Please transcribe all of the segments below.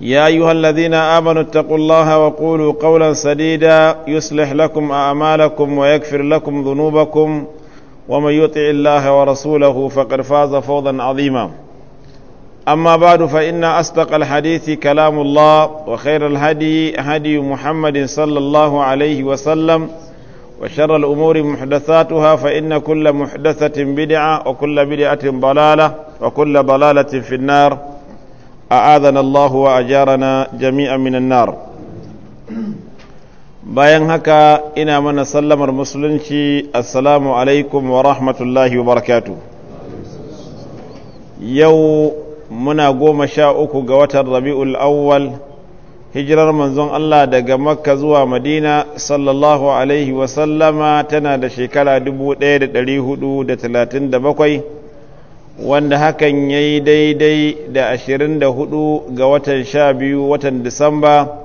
يا ايها الذين امنوا اتقوا الله وقولوا قولا سديدا يصلح لكم اعمالكم ويغفر لكم ذنوبكم ومن يطع الله ورسوله فقد فاز فوزا عظيما اما بعد فان اصدق الحديث كلام الله وخير الهدي هدي محمد صلى الله عليه وسلم وشر الامور محدثاتها فان كل محدثه بدعه وكل بدعه ضلاله وكل ضلاله في النار a'adana Allah wa ajarana jami'an minan nar bayan haka ina mana sallamar musulunci assalamu alaikum wa rahmatullahi wa barakatu yau muna goma sha uku ga watan rabi'ul awwal hijirar manzon Allah daga makka zuwa madina sallallahu alaihi wa sallama tana da shekara 1437 wanda hakan ya yi daidai da 24 ga watan 12 watan disamba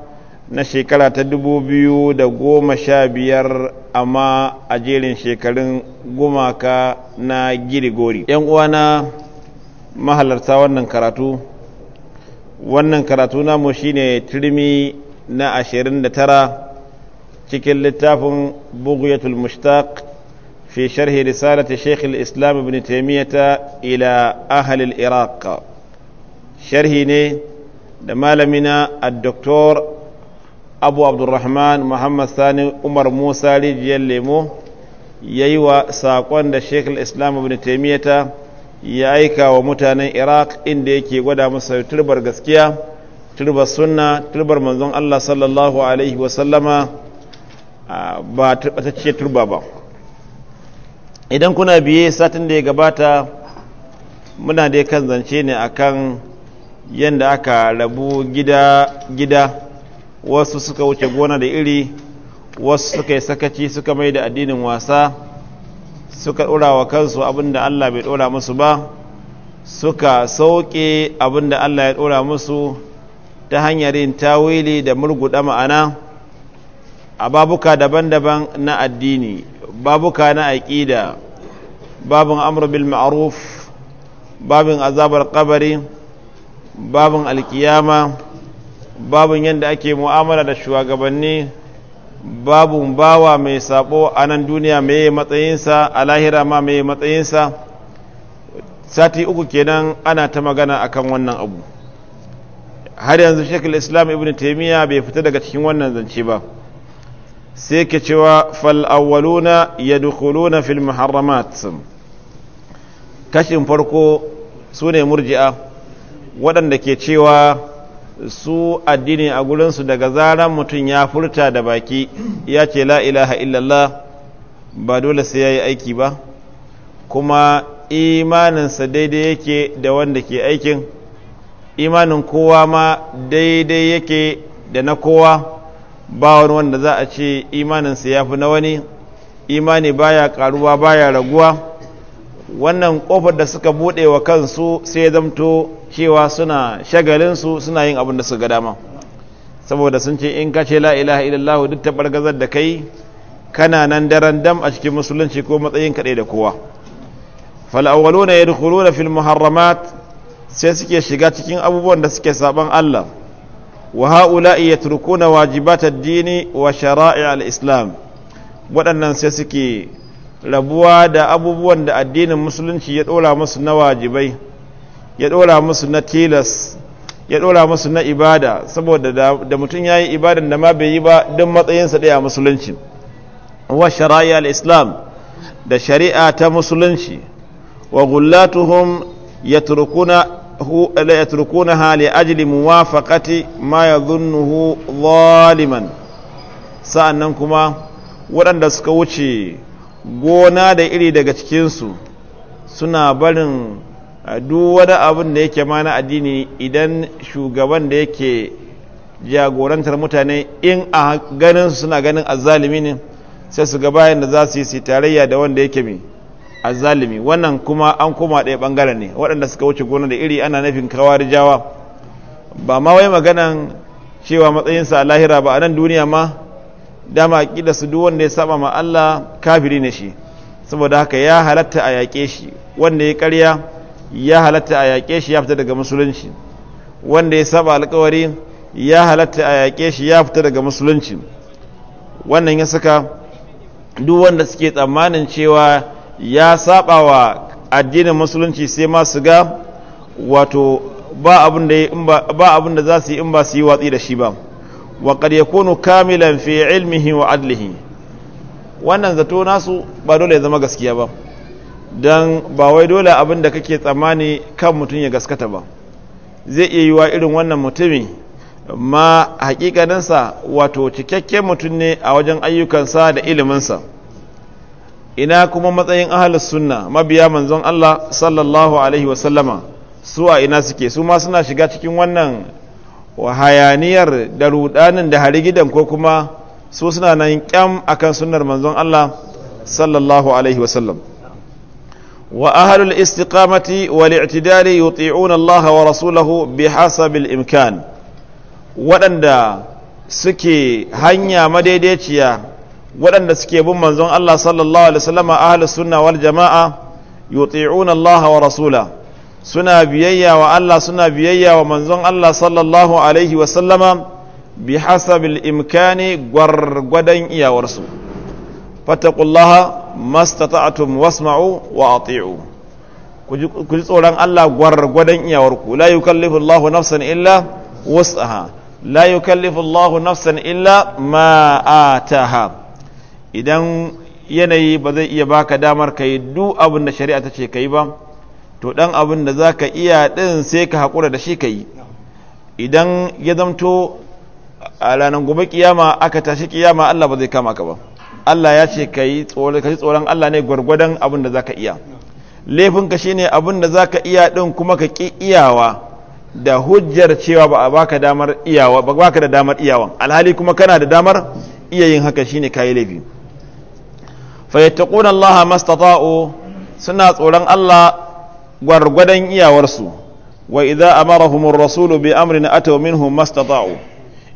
na shekara ta 2015 amma a jerin shekarun gumaka na girigori yan uwana mahalarta wannan karatu wannan karatu namu shine turmi na 29 cikin littafin bugiyatul mushtaq في شرح رسالة شيخ الإسلام ابن تيمية إلى أهل العراق شرحني من الدكتور أبو عبد الرحمن محمد ثاني عمر موسى لجيلمو ييوى ساقون دا شيخ الإسلام ابن تيمية يأيكا ومتانا wa إن ديكي ودا yake gwada قسكيا turbar السنة turbar منذ الله صلى الله عليه وسلم wasallama ba ta ce turba ba idan kuna biye satin da ya gabata muna dai kan zance ne akan yadda aka rabu gida-gida wasu suka wuce gona da iri wasu suka yi sakaci suka mai da addinin wasa suka ɗora wa kansu abinda Allah bai ɗora musu ba suka sauƙe abinda Allah ya ɗora musu ta hanyar yin tawili da murguɗa ma'ana a babuka daban-daban na addini babuka na aƙida babin amur bil ma'ruf babin azabar kabari babin alkiyama babin yadda ake mu'amala da shugabanni babin bawa mai sabo a nan duniya mai matsayinsa a lahira ma mai matsayinsa sati uku kenan ana ta magana akan wannan abu har yanzu shekul islam ibn taimiyya bai fita daga cikin wannan zance ba sai ke cewa fal'awwaluna ya dukuluna fil muharramat kashin farko su ne murji'a waɗanda ke cewa su addini a gurinsu daga zaran mutum ya furta da baki ya ce la ilaha illallah ba dole sai ya yi aiki ba kuma imaninsa daidai yake da wanda ke aikin imanin kowa ma daidai yake da na kowa ba wani wanda za a ce imaninsa ya fi na wani imani baya karuwa baya raguwa wannan kofar da suka bude wa kansu sai zamto cewa suna shagalinsu suna yin abin da su ga dama saboda sun ce in ka ce la ilaha illallah duk ta bargazar da kai kana nan daren dam a cikin musulunci ko matsayin kaɗai da kowa fal'awwaluna yadkhuluna fil muharramat sai suke shiga cikin abubuwan da suke saban Allah wa ha'ula'i yatrukuna na ad-dini wa shara'i al-islam waɗannan sai suke rabuwa da abubuwan da addinin musulunci ya ɗora musu na wajibai ya ɗora musu na tilas ya ɗora musu na ibada saboda da mutum ya yi ibadan da ma bai yi ba don matsayinsa ɗaya musulunci wa shara'i al-islam da shari'a ta musulunci wa gullatuhum yatrukuna لا يتركونها لأجل موافقة ما يظنه ظالما sa'annan kuma waɗanda suka wuce gona da iri daga cikinsu suna barin duk wani abin da yake ma na addini idan shugaban da yake jagorantar mutane in a ganin suna ganin azzalimi ne sai su ga yadda za su yi tarayya da wanda yake mai azalimi wannan kuma an koma ɗaya ɓangare ne waɗanda suka wuce gona da iri ana nufin jawa ba ma wai maganan cewa matsayinsa a lahira ba a nan duniya ma dama ƙida su duk wanda ya saba ma Allah kafiri ne shi saboda haka ya halatta a yaƙe shi wanda ya ƙarya ya halatta a yaƙe shi ya fita daga musulunci wanda ya saba alƙawari ya halatta a yaƙe shi ya fita daga musulunci wannan ya saka duk wanda suke tsammanin cewa ya saba wa addinin musulunci sai ma su ga wato ba abin da za su yi in ba su yi watsi da shi ba wa ya yakunu kamilan fi ilmihi wa adlihi wannan zato nasu ba dole ya zama gaskiya ba don ba wai dole abin da kake tsammani kan mutum ya gaskata ba zai iya yiwa irin wannan mutumi ma hakikaninsa wato cikakken mutum ne a wajen ayyukansa da iliminsa ina kuma matsayin ahalus sunna mabiya manzon Allah sallallahu alaihi sallama su a ina suke su ma suna shiga cikin wannan hayaniyar da rudanin da harigidan ko kuma su suna nan kyam akan sunnar manzon Allah sallallahu alaihi sallam. wa ahalul istiqamati wal i'tidali yuti'una Allah wa rasulahu bihasabil imkan waɗanda suke hanya madaidaiciya waɗanda suke bin manzon Allah sallallahu alaihi wasallama ahlus sunna wal jama'a yuti'una Allah wa rasula suna biyayya wa Allah suna biyayya wa manzon Allah sallallahu alaihi wasallama bi hasabil imkani gwargwadon iyawarsu fattaqullaha mastata'tum wasma'u wa ati'u ku ji tsoron Allah gwargwadon iyawarku la yukallifu Allahu nafsan illa wus'aha la yukallifu Allahu nafsan illa ma ataha idan yanayi ba zai iya baka damar ka yi duk abin da shari'a ta ce ka yi ba to dan abin da za ka iya ɗin sai ka haƙura da shi ka yi idan ya zamto a ranar gobe kiyama aka tashi kiyama Allah ba zai kama ka ba Allah ya ce ka yi tsoron Allah ne gwargwadon abin da za ka iya laifinka shi ne abin da za ka iya ɗin kuma ka ƙi iyawa da hujjar cewa ba a baka damar iyawa ba baka da damar iyawa alhali kuma kana da damar iya yin haka shine kayi laifi fayattaquna Allah mastata'u suna tsoron Allah gwargwadon iyawarsu wa idza amarahum rasulu bi amrin ataw minhu mastata'u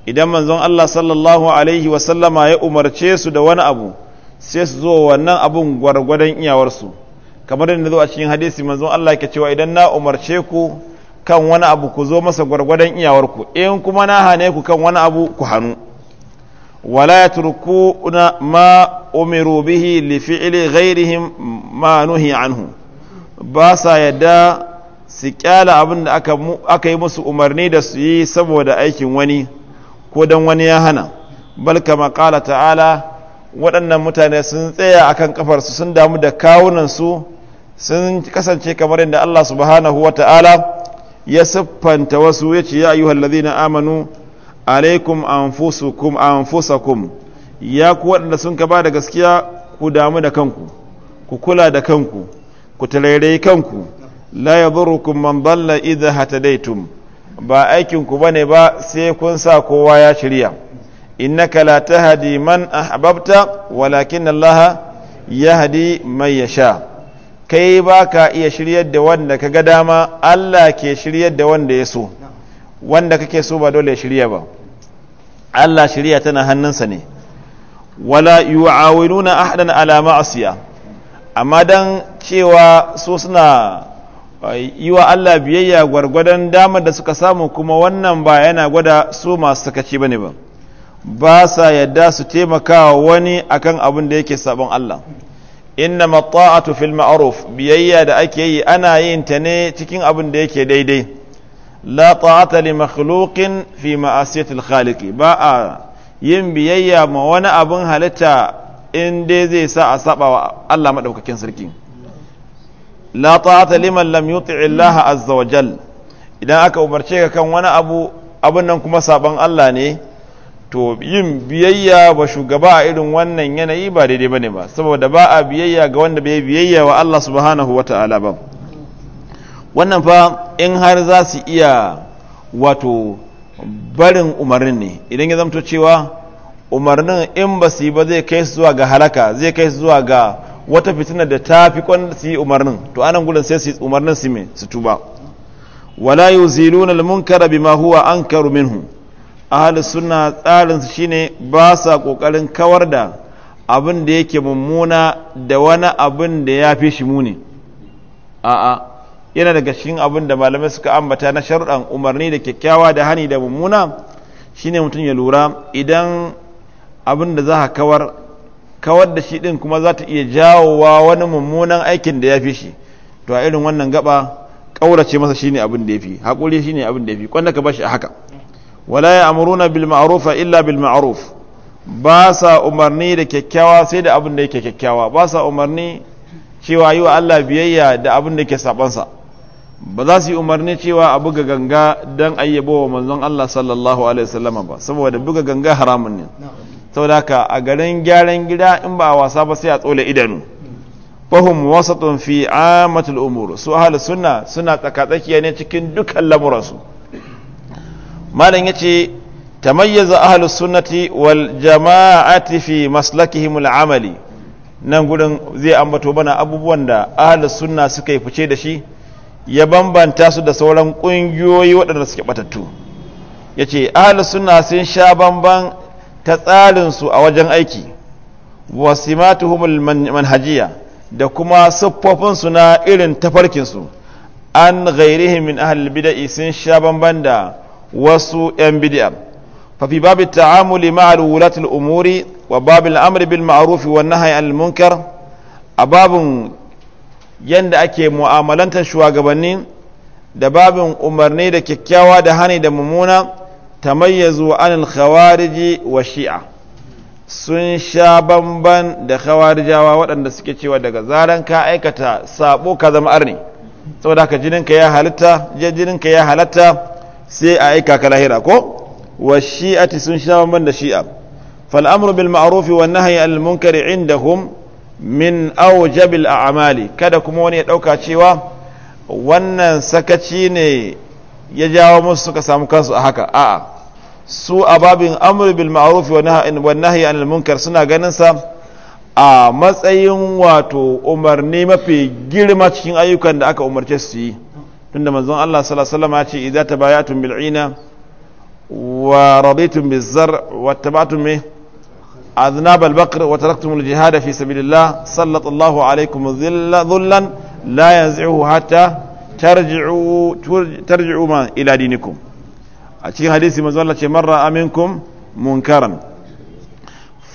idan manzon Allah sallallahu alaihi wa sallama ya umarce su da wani abu sai su zo wannan abun gwargwadon iyawarsu kamar da zo a cikin hadisi manzon Allah ke cewa idan na umarce ku kan wani abu ku zo masa gwargwadon iyawarku in kuma na hane ku kan wani abu ku hannu wala ولا يتركون ما أمروا به لفعل غيرهم ما نهي عنه باسا يدا سكالا أبن أكي مس أمرني دسي سبو دا أيكي وني كودا وني يهنا بل كما قال ta'ala waɗannan mutane sun tsaya akan ƙafarsu sun damu da kawunansu sun kasance kamar yadda Allah subhanahu wa ta'ala ya siffanta wasu ya ce ya ayyuhal amanu alaikum anfusukum anfusakum ya ku waɗanda sun ka ba da gaskiya ku damu da kanku ku kula da kanku ku talaidai kanku la yadurukum man dalla idha hatadaitum ba aikinku ku bane ba sai kun sa kowa ya shirya innaka la tahdi man ahbabta walakin Allah mai ya sha. kai baka iya shirya da wanda ka ga dama Allah ke shiryar da wanda ya so wanda kake so ba dole ya shirya ba Allah shirya tana hannunsa ne wala yu'awiluna ahadan ala ma'asiya amma dan cewa su suna uh, yi wa Allah biyayya gwargwadon damar da suka samu kuma wannan ba yana gwada su masu sakaci bane ba ba sa yadda su taimaka wani akan abin da yake sabon Allah inna mata'atu fil ma'ruf biyayya da ake yi ana yin ta ne cikin abin da yake daidai la ta'ata li makhluqin fi ma'asiyatil khaliqi ba a yin biyayya ma wani abin halitta in dai zai sa a saba wa Allah madaukakin sarki la ta'ata liman lam yuti' Allah azza wa jal idan aka umarce ka kan wani abu abin nan kuma saban Allah ne to yin biyayya ba shugaba a irin wannan yanayi ba daidai bane ba saboda ba a biyayya ga wanda bai biyayya wa Allah subhanahu wa ta'ala ba wannan fa in har za su iya wato barin umarnin ne idan ya zamto cewa umarnin in ba su yi ba zai kai su zuwa ga halaka zai kai su zuwa ga wata fitina da ta fi kwan su yi umarnin to anan gudun sai su yi umarnin su mai su tuba wala yuziluna bi mahuwa an ankaru minhu ahli suna tsarin su shine ba sa kokarin kawar da abin da yake mummuna da wani abin da ya fi shi muni a'a yana daga cikin abin da malamai suka ambata na sharuɗan umarni da kyakkyawa da hani da mummuna shine mutum ya lura idan abin da za a kawar kawar da shi ɗin kuma za ta iya jawowa wani mummunan aikin da ya fi shi to a irin wannan gaba ƙaurace masa shine abin da ya fi haƙuri shine abin da ya fi kwanda ka bashi a haka wala ya amuruna bil ma'ruf illa bil ma'ruf ba sa umarni da kyakkyawa sai da abin da yake kyakkyawa ba sa umarni cewa yi wa Allah biyayya da abin da ke sabansa ba za su yi umarni cewa a buga ganga don ayyabo wa manzon Allah sallallahu alaihi wasallama ba saboda buga ganga haramun ne saboda haka a garin gyaran gida in ba a wasa ba sai a tsole idanu fahim wasatun fi amatul umur su ahlus sunna suna tsakatsakiya ne cikin dukkan lamuransu malam yace tamayyaza ahlus sunnati wal jama'ati fi maslakihim al amali nan gurin zai ambato bana abubuwan da ahlus sunna suka yi fice da shi ya bambanta su da sauran ƙungiyoyi waɗanda suke batattu ya ce suna sun sha bamban ta tsarinsu a wajen aiki wasimatuhumul manhajiya da kuma siffofinsu na irin tafarkinsu an ghairihim min ahal bid'i sun sha bamban da wasu 'yan bid'a fafi babu ta'amuli ma'al wulatul umuri wa babu al'amri bil ma'arufi wa nahyi anil munkar a babu. yadda ake mu'amalantar shugabanni da babin umarni da kyakkyawa da hani da mummuna tamayyazu an alkhawariji wa shi'a sun sha bamban da khawarijawa waɗanda suke cewa daga zaran ka aikata sabo ka zama arni saboda haka jininka ya halitta jininka ya halatta sai a aika ka lahira ko wa shi'ati sun sha bamban da shi'a fal amru bil ma'ruf wan nahyi al munkari indahum min aujabil a'mali kada kuma wani ya ɗauka cewa wannan sakaci ne ya jawo musu suka samu kansu a haka a'a su a babin amr bil ma'ruf wa nahyi anil munkar suna ganin sa a matsayin wato umarni mafi girma cikin ayyukan da aka umarce su yi tunda manzon Allah sallallahu alaihi wasallam ya ce idza tabayatum bil ina wa raditum bizar zar wa tabatum أذناب البقر وتركتم الجهاد في سبيل الله سلط الله عليكم ذلا لا ينزعه حتى ترجعوا ترجعوا ما إلى دينكم أشي حديث مزولة مرة أمنكم منكرا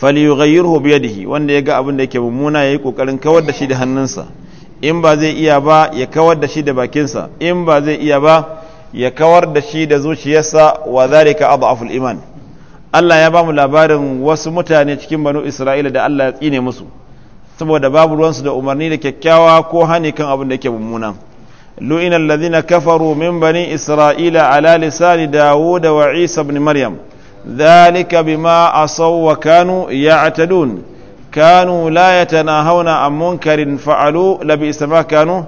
falyughayyirhu biyadihi wanda ya ga abin da yake mummuna yayi kokarin kawar da shi da hannunsa in ba zai iya ba ya kawar da shi da bakinsa in ba zai iya ba ya kawar da shi da zuciyarsa wa zalika adhaful iman Allah ya ba mu labarin wasu mutane cikin banu Isra'ila da Allah ya tsine musu saboda babu ruwansu da umarni da kyakkyawa ko hani kan abin da yake mummuna lu'ina alladhina kafaru min bani Isra'ila ala lisani Dawud wa Isa ibn Maryam dhalika bima asaw wa kanu ya'tadun kanu la yatanahawna an munkarin fa'alu labi isma kanu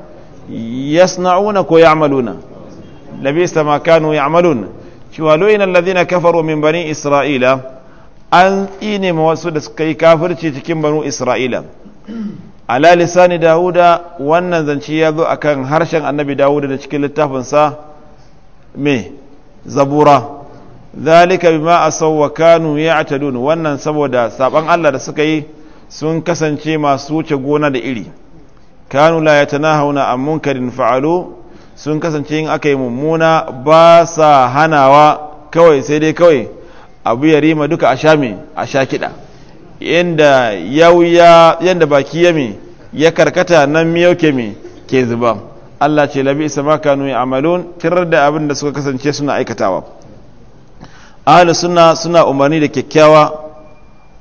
yasna'una ko ya'maluna labi isma kanu ya'maluna cewa lo'ina allazina kafaru min bani isra'ila an tsine ma wasu da suka yi kafirci cikin banu isra'ila ala lisani dawuda wannan zance ya zo kan harshen annabi dawuda da cikin littafinsa me zabura zalika bima asaw wa kanu ya'tadun wannan saboda saban Allah da suka yi sun kasance masu wuce gona da iri kanu la na an munkarin fa'alu sun kasance yin aka yi mummuna ba sa hanawa kawai sai dai kawai abu ya rima duka a shami a sha kiɗa yadda yauya yadda baki ya mi ya karkata nan miyau ke mi ke zuba Allah ce labi isa ma kanu ya amalun tirar da abin da suka kasance suna aikatawa ahalu suna suna umarni da kyakkyawa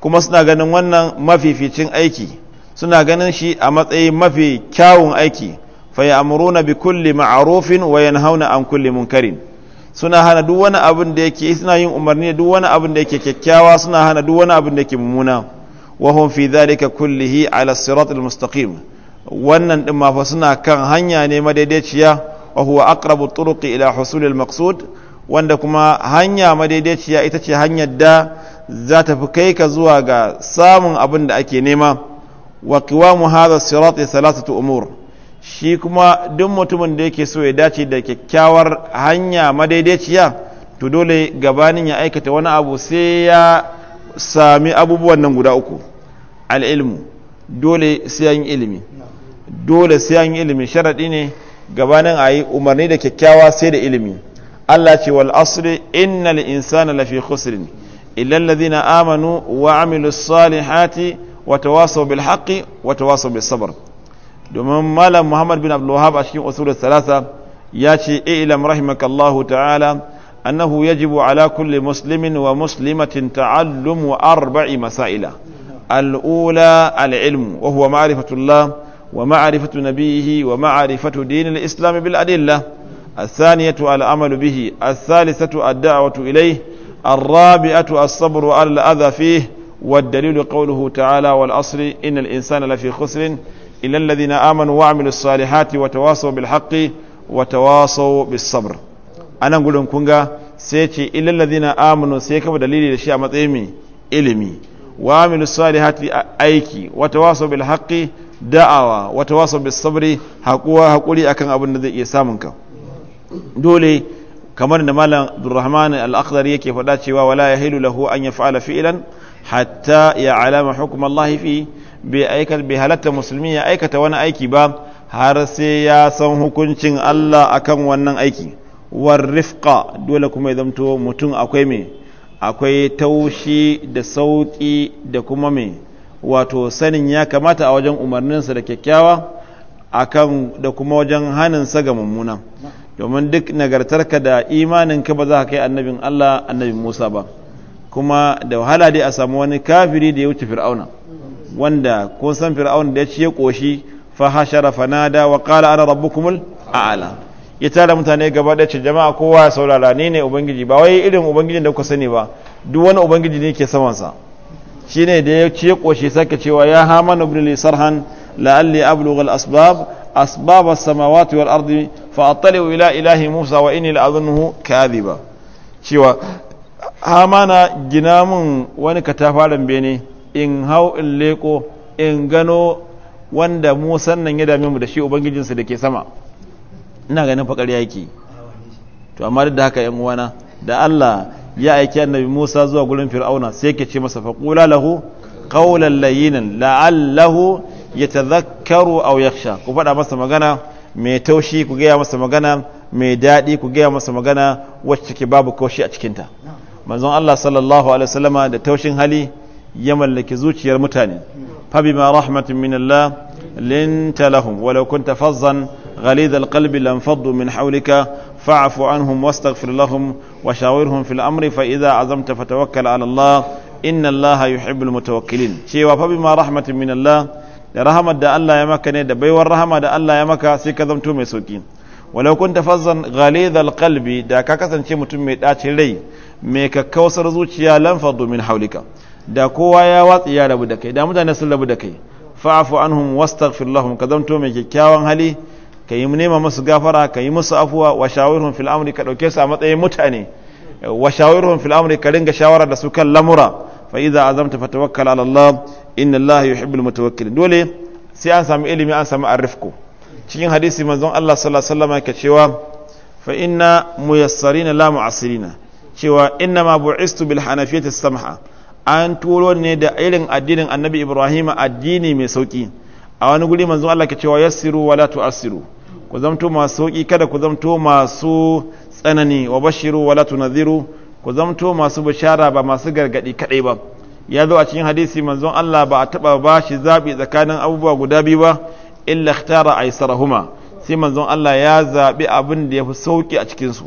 kuma suna ganin wannan mafificin aiki suna ganin shi a matsayin mafi kyawun aiki fayamuruna bi kulli ma'rufin wa yanhauna an kulli munkarin suna hana duk wani abin da yake suna yin umarni duk wani abin da yake kyakkyawa suna hana duk wani abin da yake mummuna wa hum fi dhalika kullihi ala siratil mustaqim wannan din ma fa suna kan hanya ne madaidaiciya wa huwa aqrabu turuqi ila husulil maqsud wanda kuma hanya madaidaiciya ita ce hanyar da za ta fi kai ka zuwa ga samun abin da ake nema wa qiwamu hadha sirat thalathatu umur shi kuma duk mutumin da yake so ya dace da kyakkyawar hanya madaidaiciya to dole gabanin ya aikata wani abu sai ya sami abubuwan nan guda uku al'ilmu dole sai an ilimi dole sai an ilimi sharaɗi ne gabanin a yi umarni da kyakkyawa sai da ilimi Allah ce wal asri innal insana lafi khusrin illa na amanu wa amilus salihati wa tawasaw bil haqqi wa tawasaw bis sabr domin malam muhammad bin abdullahab a cikin usulul salasa ya ce ilam rahimakallahu ta'ala annahu yajibu ala kulli muslimin wa muslimatin ta'allumu arba'i masaila al'ula al'ilmu wa huwa ma'rifatullah wa ma'rifatu nabiyhi wa ma'rifatu dinil islam bil adillah الثانية العمل به الثالثة الدعوة إليه الرابعة الصبر على الأذى فيه والدليل قوله تعالى والأصل إن الإنسان لفي خسر إلا الذين آمنوا وعملوا الصالحات وتواصوا بالحق وتواصوا بالصبر أنا أقول لهم كونغا سيتي إلا الذين آمنوا سيكب دليل لشيء مطيمي إلمي وعملوا الصالحات أيكي وتواصوا بالحق دعوة وتواصوا بالصبر bisabri haƙuwa haƙuri أبو النذي يسامنك دولي كمان samunka dole kamar da malam abdurrahman al-akhdar yake faɗa cewa wala yahilu hatta ya alama hukum Allah fi bai halatta musulmi ya aikata wani aiki ba har sai ya san hukuncin Allah akan wannan aiki war dole kuma ya zamto mutum akwai me akwai taushi da sauki da kuma me wato sanin ya kamata a wajen umarninsa da kyakkyawa da kuma wajen haninsa ga mummuna domin duk nagartarka da imaninka ba za ka kai annabi Allah annabin Musa ba kuma da wahala dai a samu wani kafiri da ya wuce fir'auna wanda kun san fir'auna da ya ci ya koshi fa hashara fanada wa qala ana rabbukumul a'la ya tara mutane gaba da ce jama'a kowa ya saurara ni ne ubangiji ba wai irin ubangijin da kuka sani ba duk wani ubangiji ne ke saman sa shine da ya ci koshi sake cewa ya hamanu ibn li sarhan la'alli ablugha al-asbab asbab as-samawati wal ardi fa attali ila ilahi musa wa inni la'adhunnuhu kadhiba cewa hamana gina mun wani katafaren bene in hau in leko in gano wanda musan nan ya dame mu da shi ubangijinsu da ke sama ina ganin fakar yaki to amma da haka yan uwana da Allah ya aiki annabi Musa zuwa gurin Fir'auna sai yake ce masa faqula lahu qawlan layyinan la'allahu yatadhakkaru aw yakhsha ku faɗa masa magana mai taushi ku gaya masa magana mai daɗi ku gaya masa magana wacce ke babu kaushi a cikinta manzon Allah sallallahu alaihi wasallama da taushin hali ya mallaki zuciyar mutane ma rahmatin min Allah linta lahum walau kunta fazzan ghalid alqalbi lam faddu min hawlika fa'fu anhum wastaghfir lahum wa shawirhum fil amri fa idha azamta fatawakkal ala Allah inna Allah yuhibbul mutawakkilin cewa ma rahmatin min Allah da rahmat da Allah ya maka ne da baiwar rahama da Allah ya maka sai ka zamto mai sauki walau kunta fazzan ghalid alqalbi da ka kasance mutum mai dacin rai mai kakkausar zuciya lamfar domin haulika da kowa ya watsi ya rabu da kai da mutane sun rabu da kai fa'afu anhum wastaghfir lahum ka zanto mai kyakkyawan hali ka yi nema musu gafara ka yi musu afuwa wa shawirhum fil amri ka dauke su a matsayin mutane wa shawirhum fil amri ka ringa shawara da su kan lamura fa idza azamta fatawakkal ala Allah inna Allah yuhibbul mutawakkilin dole sai an samu ilimi an samu arifku cikin hadisi manzon Allah sallallahu alaihi wasallam ke cewa fa inna muyassarina la mu'assirina cewa inna ma bu'istu bil hanafiyyati samha an turo ne da irin addinin annabi ibrahim addini mai sauki a wani guri manzo Allah ke cewa yassiru wala tu'assiru ku zamto masu sauki kada ku zamto masu tsanani wa bashiru wala tunadhiru ku zamto masu bishara ba masu gargadi kadai ba ya zo a cikin hadisi manzon Allah ba a taba ba shi zabi tsakanin abubuwa guda biyu ba illa ikhtara aisarahuma sai manzon Allah ya zabi abin da yafi sauki a cikin su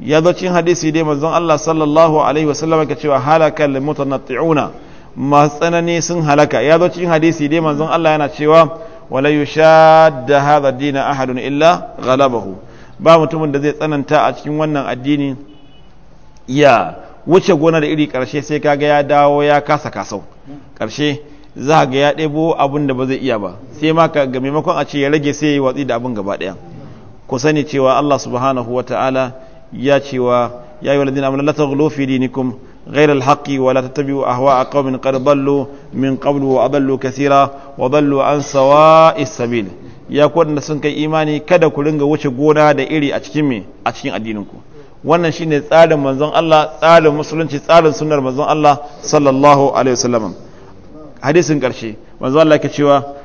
ya zo cikin hadisi dai manzon Allah sallallahu alaihi wasallam ka cewa halaka lil mutanatti'una masu tsanani sun halaka ya zo cikin hadisi dai manzon Allah yana cewa wala yushadda hadha dina ahadun illa ghalabahu ba mutumin da zai tsananta a cikin wannan addini ya wuce gona da iri karshe sai kaga ya dawo ya kasa kasau karshe za ga ya ɗebo abin da ba zai iya ba sai ma ka ga maimakon a ce ya rage sai ya watsi da abin gaba ɗaya ku sani cewa Allah subhanahu wa ta'ala ya cewa ya yi waladina amina latar lofi a hawa a ولا تتبعوا أهواء قوم قد ضلوا من قبل وأضلوا كثيرا وضلوا عن سواء السبيل ya kuwa sun kai imani kada ku ringa wuce gona da iri a cikin a cikin addininku wannan shine tsarin manzon Allah tsarin musulunci tsarin sunnar manzon Allah sallallahu alaihi wasallam hadisin karshe manzon Allah yake cewa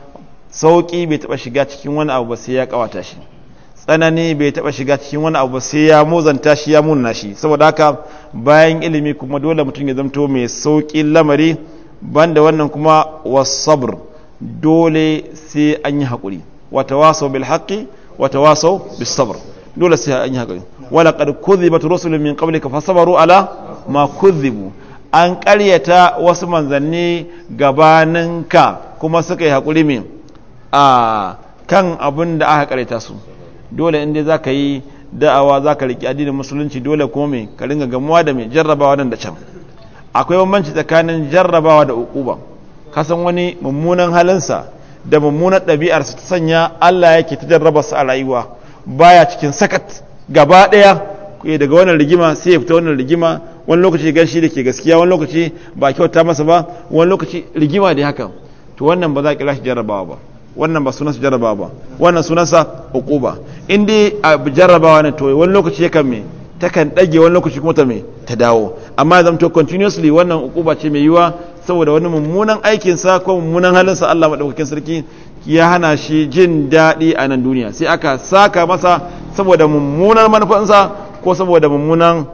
sauƙi bai taba shiga cikin wani abu ba sai ya kawata shi tsanani bai taba shiga cikin wani abu sai ya mozanta shi ya munna shi saboda haka bayan ilimi kuma dole mutum ya zamto mai sauƙin lamari banda wannan kuma wasabr dole sai an yi haƙuri wata waso bil haƙi wata waso bil sabr dole sai an yi haƙuri wala kad kudhibat rusulun min qablika fasabaru ala ma kudhibu an ƙaryata wasu manzanni gabaninka kuma suka yi haƙuri mai a kan abin da aka ƙaryata su dole inda za ka yi da'awa za ka riƙi addinin musulunci dole kuma mai ka gamuwa da mai jarrabawa nan da can akwai bambanci tsakanin jarrabawa da ukuba kasan wani mummunan halinsa da mummunan ɗabi'arsa ta sanya Allah yake ta jarrabarsa a rayuwa baya cikin sakat gaba ɗaya eh, daga wannan rigima sai ya fita wannan rigima wani lokaci ganshi da ke gaskiya wani lokaci ba kyauta masa ba wani lokaci rigima da haka to wannan ba za a kira jarrabawa ba wannan ba sunansa jarrabawa ba wannan sunansa ukuba in dai a jarrabawa ne to wani lokaci yakan ta kan ɗage wani lokaci kuma ta mai ta dawo amma zan to continuously wannan ukuba ce mai yiwa saboda wani mummunan aikinsa ko mummunan halinsa Allah maɗaukakin sarki ya hana shi jin daɗi a nan duniya sai aka saka masa saboda mummunan manufansa ko saboda mummunan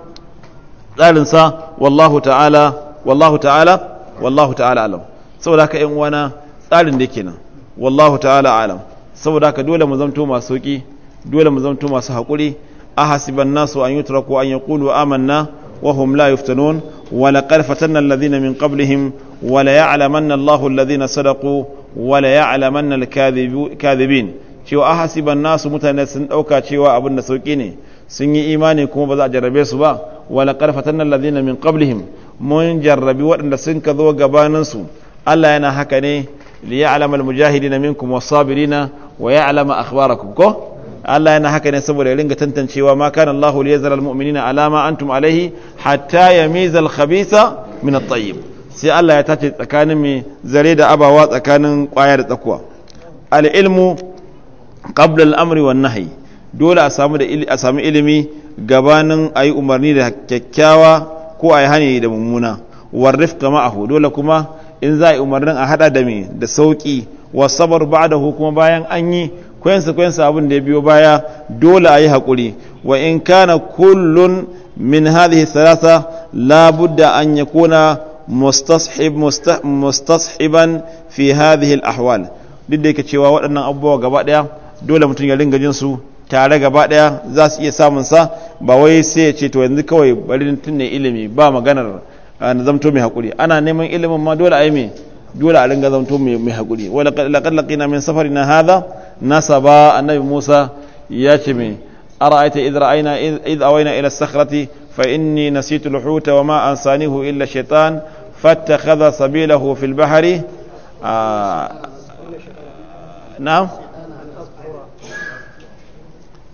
tsarinsa wallahu ta'ala wallahu ta'ala wallahu ta'ala alam saboda haka yan uwana tsarin da kenan wallahu ta'ala alam saboda haka dole mu zamto masu sauki dole mu zamto masu haƙuri ahasiban nasu an yutraku an yaqulu amanna wa hum la yuftanun wa laqad fatanna alladhina min qablihim wa la ya'lamanna Allahu alladhina sadaqu wa la ya'lamanna al-kadhibin cewa ahasiban nasu mutane sun dauka cewa abin da sauki ne sun yi imani kuma ba za a jarrabe su ba wa laqad fatanna alladhina min qablihim mun jarrabi waɗanda sun ka zo su Allah yana haka ne li ya'lamal mujahidina minkum was-sabirina wa ya'lama akhbarakum ko Allah yana haka ne saboda ya ringa tantancewa ma kana Allahu liyazara almu'minina ala ma antum alaihi hatta yamiza alkhabisa min at-tayyib sai Allah ya tace tsakanin mai zare da abawa tsakanin kwaya da tsakuwa al-ilmu qabla al-amri wan nahyi dole a samu da a samu ilimi gabanin ayi umarni da kyakkyawa ko ayi hani da mummuna warif ma'ahu dole kuma in za a yi umarnin a hada da mai da sauki wasabar ba'dahu kuma bayan an yi kwensa kwensa abin da ya biyo baya dole a yi haƙuri wa in kana kullun min hadhihi thalatha la budda an yakuna mustashib mustashiban fi hadhihi al-ahwal duk da yake cewa waɗannan abubuwa gaba ɗaya dole mutum ya ringa jin su tare gaba ɗaya za su iya samun sa ba wai sai ya ce to yanzu kawai bari tun ne ilimi ba maganar na zamto mai haƙuri ana neman ilimin ma dole a yi mai dole a ringa zamto mai haƙuri wa laqad na min safari na hada. nasaba annabi Musa ya ce me ara'aita idh ra'ayna idh awayna ila as-sakhrati fa inni nasitu al-huta wa ma ansanihu illa shaytan fattakhadha sabilahu fil bahri ah, na'am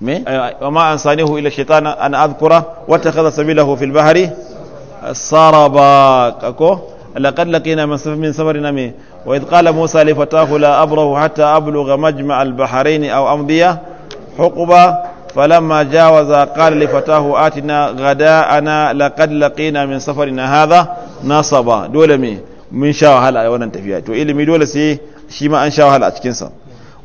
me wa ma ansanihu illa shaytan an لقد لقينا من سفر من سفرنا مي وإذ قال موسى لفتاه لا أبره حتى أبلغ مجمع البحرين أو أمضي حقبا فلما جاوز قال لفتاه آتنا غداءنا لقد لقينا من سفرنا هذا نصبا دول مي من شاء هلا وانا تفيها تو إلمي دول سي شيما أن شاء هلا أتكنسا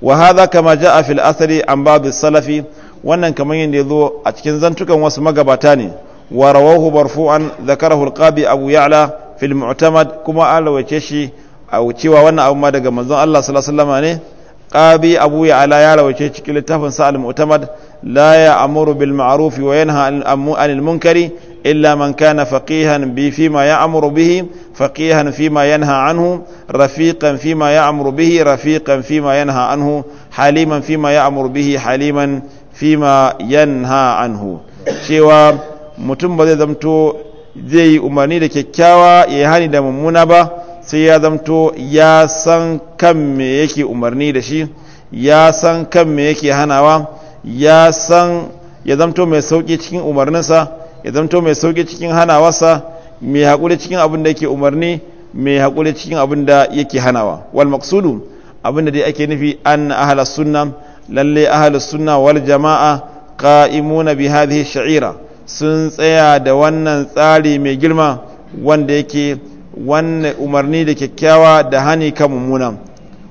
وهذا كما جاء في الأثر عن بعض السلف wannan kamar yadda ya zo a cikin zantukan wasu magabata ne wa rawahu marfu'an zakarahu alqabi abu ya'la fil mu'tamad kuma an shi a cewa wannan abu ma daga manzon Allah sallallahu alaihi wasallam ne qabi abu ya ala ya rawace cikin littafin sa al mu'tamad la ya amuru bil ma'ruf wa yanha anil munkari illa man kana faqihan bi fi ma ya'muru bihi faqihan fi ma yanha anhu rafiqan fi ma ya'muru bihi rafiqan fi ma yanha anhu haliman fi ma ya'muru bihi haliman fi ma yanha anhu cewa mutum ba zai zamto zai yi umarni da kyakkyawa ya yi hani da mummuna ba sai ya zamto ya san kan me yake umarni da shi ya san kan me yake hanawa ya san ya zamto mai sauƙi cikin umarninsa ya zamto mai sauƙi cikin hanawarsa mai haƙuri cikin abin da yake umarni mai haƙuri cikin abin da yake hanawa wal maqsudu abin da dai ake nufi an ahlus sunna lalle ahlus sunna wal jama'a qa'imuna bi hadhihi sha'ira sun tsaya da wannan tsari mai girma wanda yake wannan umarni da kyakkyawa da hani kan mummuna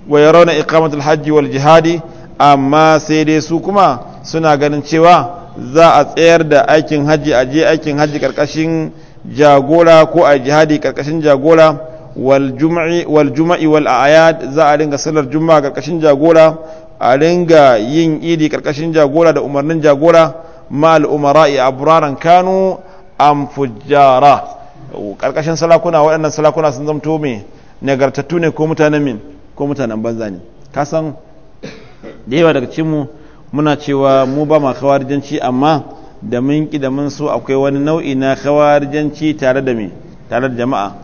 wa rauna ikamatul hajji wal jihadi amma sai dai su kuma suna ganin cewa za a tsayar da aikin hajji a je aikin hajji karkashin jagora ko a jihadi karkashin jagora wal juma'i wal za a ringa sallar juma'a karkashin jagora a ringa yin idi karkashin jagora da umarnin jagora ma al'umara'i aburaran kanu am fujjara ƙarƙashin salakuna waɗannan salakuna sun zama tome nagartattu ne ko mutanen min ko mutanen banza ne kasan da yawa daga cimu muna cewa mu ba ma khawarijanci amma da mun ƙi da mun so akwai wani nau'i na khawarijanci tare da me tare da jama'a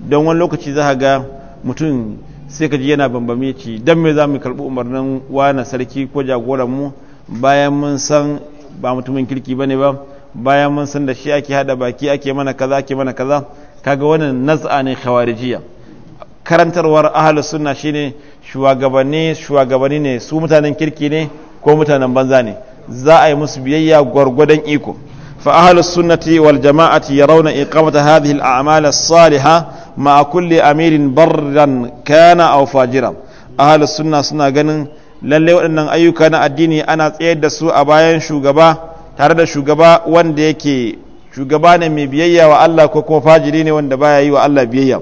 don wani lokaci za ga mutum sai ka ji yana bambame ci don me za mu karɓi umarnin na sarki ko jagoran mu bayan mun san ba mutumin kirki bane ba bayan mun san da shi ake hada baki ake mana kaza ake mana kaza kaga wannan naz'a ne khawarijiya karantarwar ahlus sunna shine shugabanni shugabanni ne su mutanen kirki ne ko mutanen banza ne za a yi musu biyayya gwargwadon iko fa ahlus sunnati wal jama'ati yarawna iqamata hadhihi al a'mal as-salihah ma'a kulli amirin barran kana aw fajira ahlus sunna suna ganin Lallai waɗannan ayyuka na addini ana tsayar da su a bayan shugaba tare da shugaba wanda yake shugaba ne mai biyayya wa Allah ko kuma fajiri ne wanda baya yi wa Allah biyayya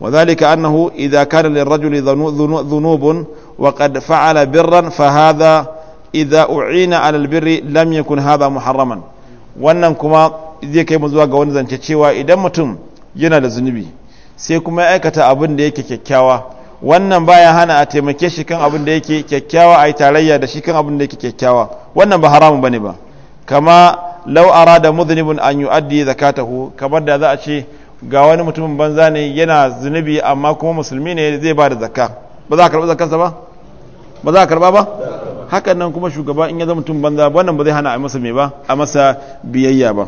wa zalika annahu idza kana lirrajuli dhunubun wa qad fa'ala birran fa hadha idza u'ina 'ala albirri lam yakun hadha muharraman wannan kuma zai kai mu zuwa ga wani zance cewa idan mutum yana da zunubi sai kuma ya aikata abin da yake kyakkyawa wannan baya hana a taimake shi kan abin da yake kyakkyawa a yi tarayya da shi kan abin da yake kyakkyawa wannan ba haramun bane ba kama lau da mudhnibun an zaka zakatahu kamar da za a ce ga wani mutumin banza ne yana zunubi amma kuma musulmi ne zai ba da zakka ba za a karɓi zakkansa ba ba za a karɓa ba hakan nan kuma shugaba in ya zama mutum banza wannan ba zai hana a masa me ba a masa biyayya ba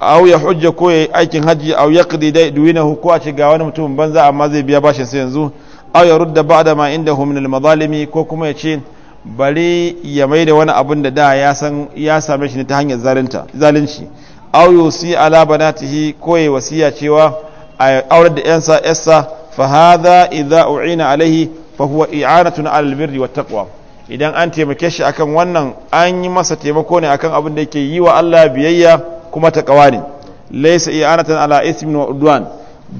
aw ya hujja ko ya aikin hajji aw yaqdi dai duwinahu ko a ce ga wani mutumin banza amma zai biya bashin sa yanzu aw ya rudda ba'da ma indahu min al-madalimi ko kuma ya ce bari ya mai da wani abin da da ya ya same shi ne ta hanyar zalunta zalunci aw yusi ala banatihi ko ya wasiya cewa a aurar da yansa yasa fa hadha idza u'ina alaihi fa huwa i'anatun al-birri wat taqwa idan an taimake shi akan wannan an yi masa taimako ne akan abin da yake yi wa Allah biyayya kuma taqwa ne laysa i'anatan ala ismin wa udwan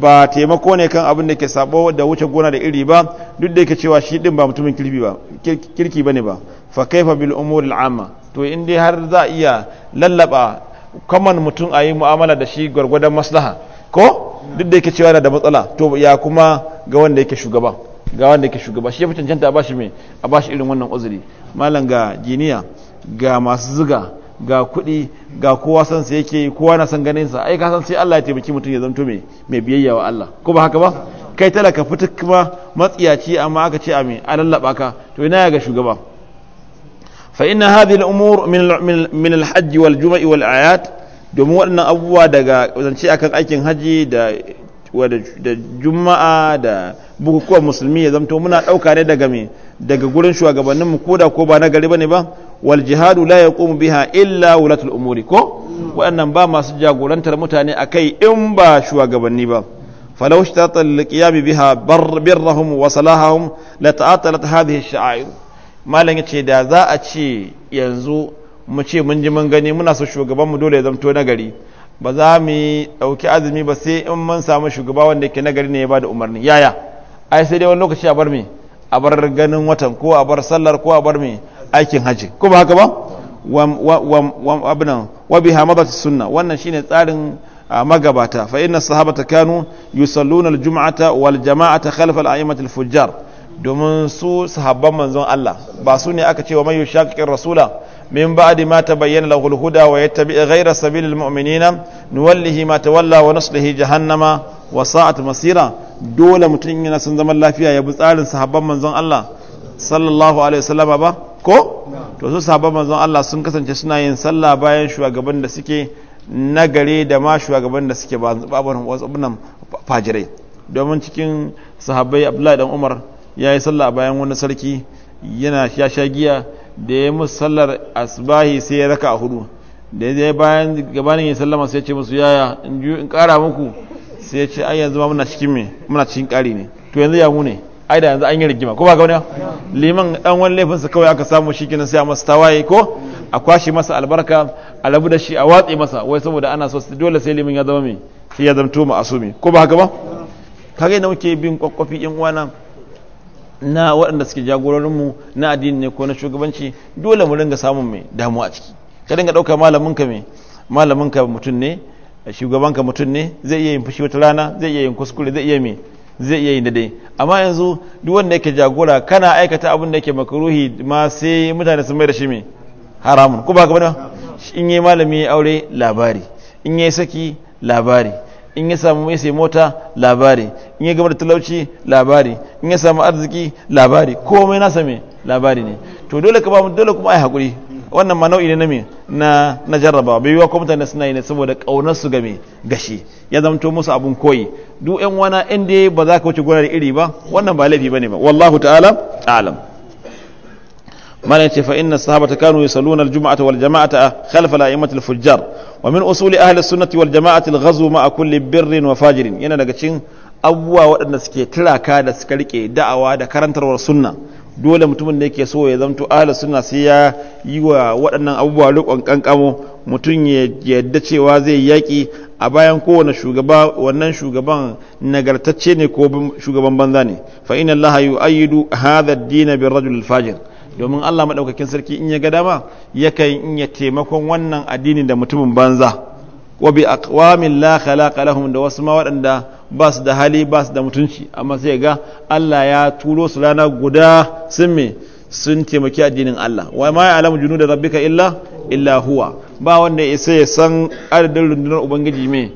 ba taimako ne kan abin da ke sabo da wuce gona da iri ba duk da yake cewa shi din ba mutumin kirki ba kirki bane ba fa kaifa bil umur al amma to in dai har za iya lallaba kaman mutum a yi mu'amala da shi gwargwadon maslaha ko duk da yake cewa yana da matsala to ya kuma ga wanda yake shugaba ga wanda yake shugaba shi ya fi cancanta a bashi me a bashi irin wannan uzuri malam ga jiniya ga masu zuga. ga kuɗi ga kowa san sa yake kowa na san ganin sa ai ka san sai Allah ya taimaki mutum ya zanto mai mai biyayya wa Allah ko ba haka ba kai talaka fita kuma matsiyaci amma aka ce amin a lallaba ka to ina ga shugaba fa inna hadhihi al-umur min min al-hajj wal jum'i wal ayat domin waɗannan abubuwa daga zance akan aikin haji da da juma'a da bukukuwan musulmi ya zamto muna ɗauka ne daga me daga gurin shugabanninmu ko da ko ba na gari ba ne ba wal jihadu la yaqumu biha illa wulatul umuri ko waɗannan ba masu jagorantar mutane akai in ba shugabanni ba falau shtata al-qiyam biha birrahum wa salahahum la ta'atalat hadhihi ash-sha'air malam yace da za a ce yanzu mu ce mun ji mun gani muna so shugaban mu dole ya zamto nagari ba za mu dauki azumi ba sai in mun samu shugaba wanda yake nagari ne ya bada umarni yaya ai sai dai wani lokaci a bar me a bar ganin watan ko a bar sallar ko a bar me aikin haji ko ba haka ba wa abinan wa bi hamadat sunna wannan shine tsarin ah, magabata fa inna sahabata kanu yusalluna al-jum'ata wal jama'ata khalfa al al-fujjar domin su sahabban manzon Allah ba su ne aka ce wa mayu shaqiqir rasula min ba'di ma tabayyana lahu al-huda wa yattabi ghayra sabilil mu'minina nuwallihi ma tawalla wa nuslihi jahannama wa sa'at masira dole mutun yana sun zaman lafiya ya bi tsarin sahabban manzon Allah sallallahu alaihi wasallama ba ko to su sahabban manzon Allah sun kasance suna yin sallah bayan shugaban da suke nagare da ma shugaban da suke babar wasu fajirai domin cikin sahabbai Abdullahi dan Umar yayi yi sallah bayan wani sarki yana ya sha giya da ya musu sallar asbahi sai ya raka a hudu da ya bayan gabanin ya sallama sai ya ce musu yaya in kara muku sai ya ce ai yanzu ma muna cikin me kari ne to yanzu ya mu aida yanzu an yi rigima ko ba ga liman dan wani laifin sa kawai aka samu shi kenan sai a masa tawaye ko a kwashe masa albarka a labu da shi a watse masa wai saboda ana so dole sai liman ya zama mai sai ya zamto mu asumi ko ba haka ba kage na muke bin kwakwafi yan uwana na waɗanda suke jagororin mu na addini ne ko na shugabanci dole mu ringa samun mai damuwa a ciki ka dinga dauka malamin ka mai malamin ka mutum ne shugaban ka mutum ne zai iya yin fushi wata rana zai iya yin kuskure zai iya mai zai iya yin dai amma yanzu duk wanda yake jagora kana aikata abin da yake makaruhi ma sai mutane sun mai da shi mai haramun ko ba ka bane in yi malami ya aure labari in yi saki labari in ya samu ya sai mota labari in ya gama da talauci labari in ya samu arziki labari komai nasa mai labari ne to dole ka ba mu dole kuma ai hakuri wannan ma nau'i ne na me na na jarraba bai wa kuma mutane suna yi ne saboda kaunar su game gashi ya zamto musu abin koyi duk yan wana inda ba za ka wuce gona da iri ba wannan ba laifi ne ba wallahu ta'ala a'lam malam ce fa inna sahabata kanu yusalluna al-jum'ata wal jama'ata khalfa al fujjar wa min usuli ahli sunnati wal jama'ati al-ghazw ma'a kulli birrin wa fajirin yana daga cikin abubuwa waɗanda suke tiraka da suka rike da'awa da karantarwar sunna dole mutumin da yake so ya zamto ahlus suna sai ya yi wa waɗannan abubuwa riƙon kankamo mutum ya yadda cewa zai yaƙi a bayan kowane shugaba wannan shugaban nagartacce ne ko shugaban banza ne fa inna allaha yu'ayyidu hadha ad-din rajul fajir domin Allah madaukakin sarki in ya ga dama yakan in ya taimakon wannan addinin da mutumin banza wa bi aqwamin la khalaqa lahum da wasu ma waɗanda ba su da hali ba su da mutunci amma sai ga Allah ya turo su rana guda sun me sun taimaki addinin Allah wa ma ya'lamu junuda rabbika illa illa huwa ba wanda ya sai san adadin rundunar ubangiji me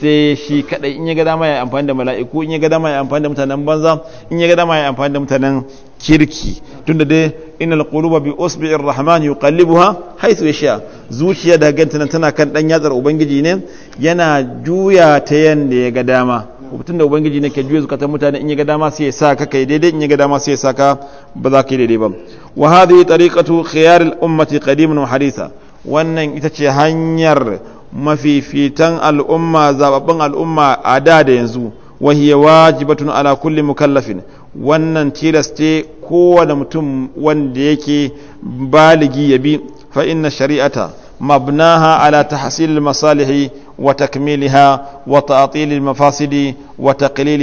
sai shi kadai in ya ga dama ya amfani da mala'iku in ya ga dama ya amfani da mutanen banza in ya ga dama ya amfani da mutanen kirki tunda dai innal quluba bi usbi'ir rahman yuqallibuha haythu yasha zuciya da ganta tana kan dan yatsar ubangiji ne yana juya ta yanda ya ga dama mutum da ubangiji ne ke juya zukatan mutane in ya ga dama sai ya sa ka kai daidai in ya ga dama sai ya sa ka ba za ka yi daidai ba wa hadhihi tariqatu khiyar al ummati qadiman wa haditha wannan ita ce hanyar mafifitan al'umma zaɓaɓɓen al'umma a da da yanzu wahiye wajibatun ala kulli mukallafin wannan tilaste kowane mutum wanda yake baligi ya bi fa inna shari'ata mabnaha ala tahsil masalihi wa takmiliha wa ta'til al mafasidi wa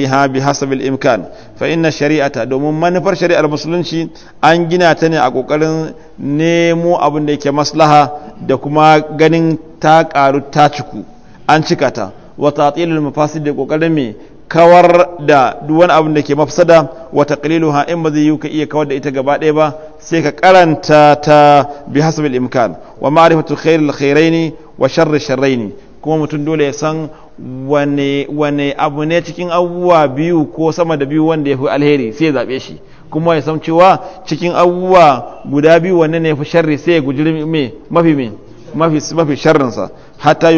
ha bi hasabil al imkan fa inna shari'ata domin manufar shari'ar musulunci an gina ta ne a kokarin nemo abin da yake maslaha da kuma ganin ta karu ta ciku an cika ta wata tsilin mafasid da kokarin mai kawar da wani abin da ke mafsada wata kalilu in ba zai yi ka iya kawar da ita gaba ɗaya ba sai ka karanta ta bi imkal imkan wa ma'rifatu khairil ne wa sharri ne kuma mutum dole ya san wane abu ne cikin abubuwa biyu ko sama da biyu wanda ya fi alheri sai ya zaɓe shi kuma ya san cewa cikin abubuwa guda biyu wanne ne fi sharri sai ya guji me mafi me mafi mafi kaddima inda hatta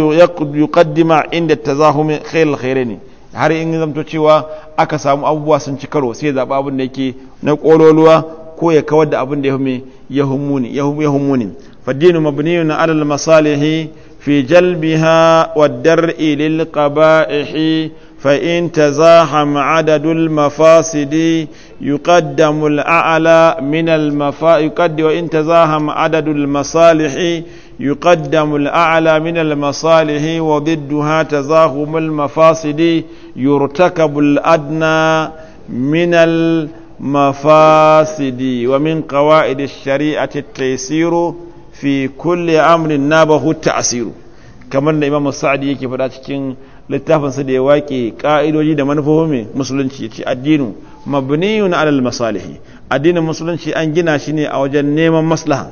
yuqaddima inda tazahumi khayl ne har in zamto cewa aka samu abubuwa sun ci karo sai zaba abin da yake na ƙololuwa ko ya kawar da abin da ya hume ya humuni ya humuni faddinu mabniyun ala al masalihi fi jalbiha wa dar'i lil qaba'ihi فإن تزاحم عدد المفاسد يقدم الأعلى من المفا يقدم وإن تزاحم عدد المصالح يقدم الأعلى من المصالح وضدها تزاحم المفاسد يرتكب الأدنى من المفاسد ومن قواعد الشريعة التيسير في كل أمر نابه التعسير كما الإمام السعدي يكفر cikin littafinsa da ya wake ka'idoji da manufofin musulunci ce addinu na alal masalihi addinin musulunci an gina shi ne a wajen neman maslaha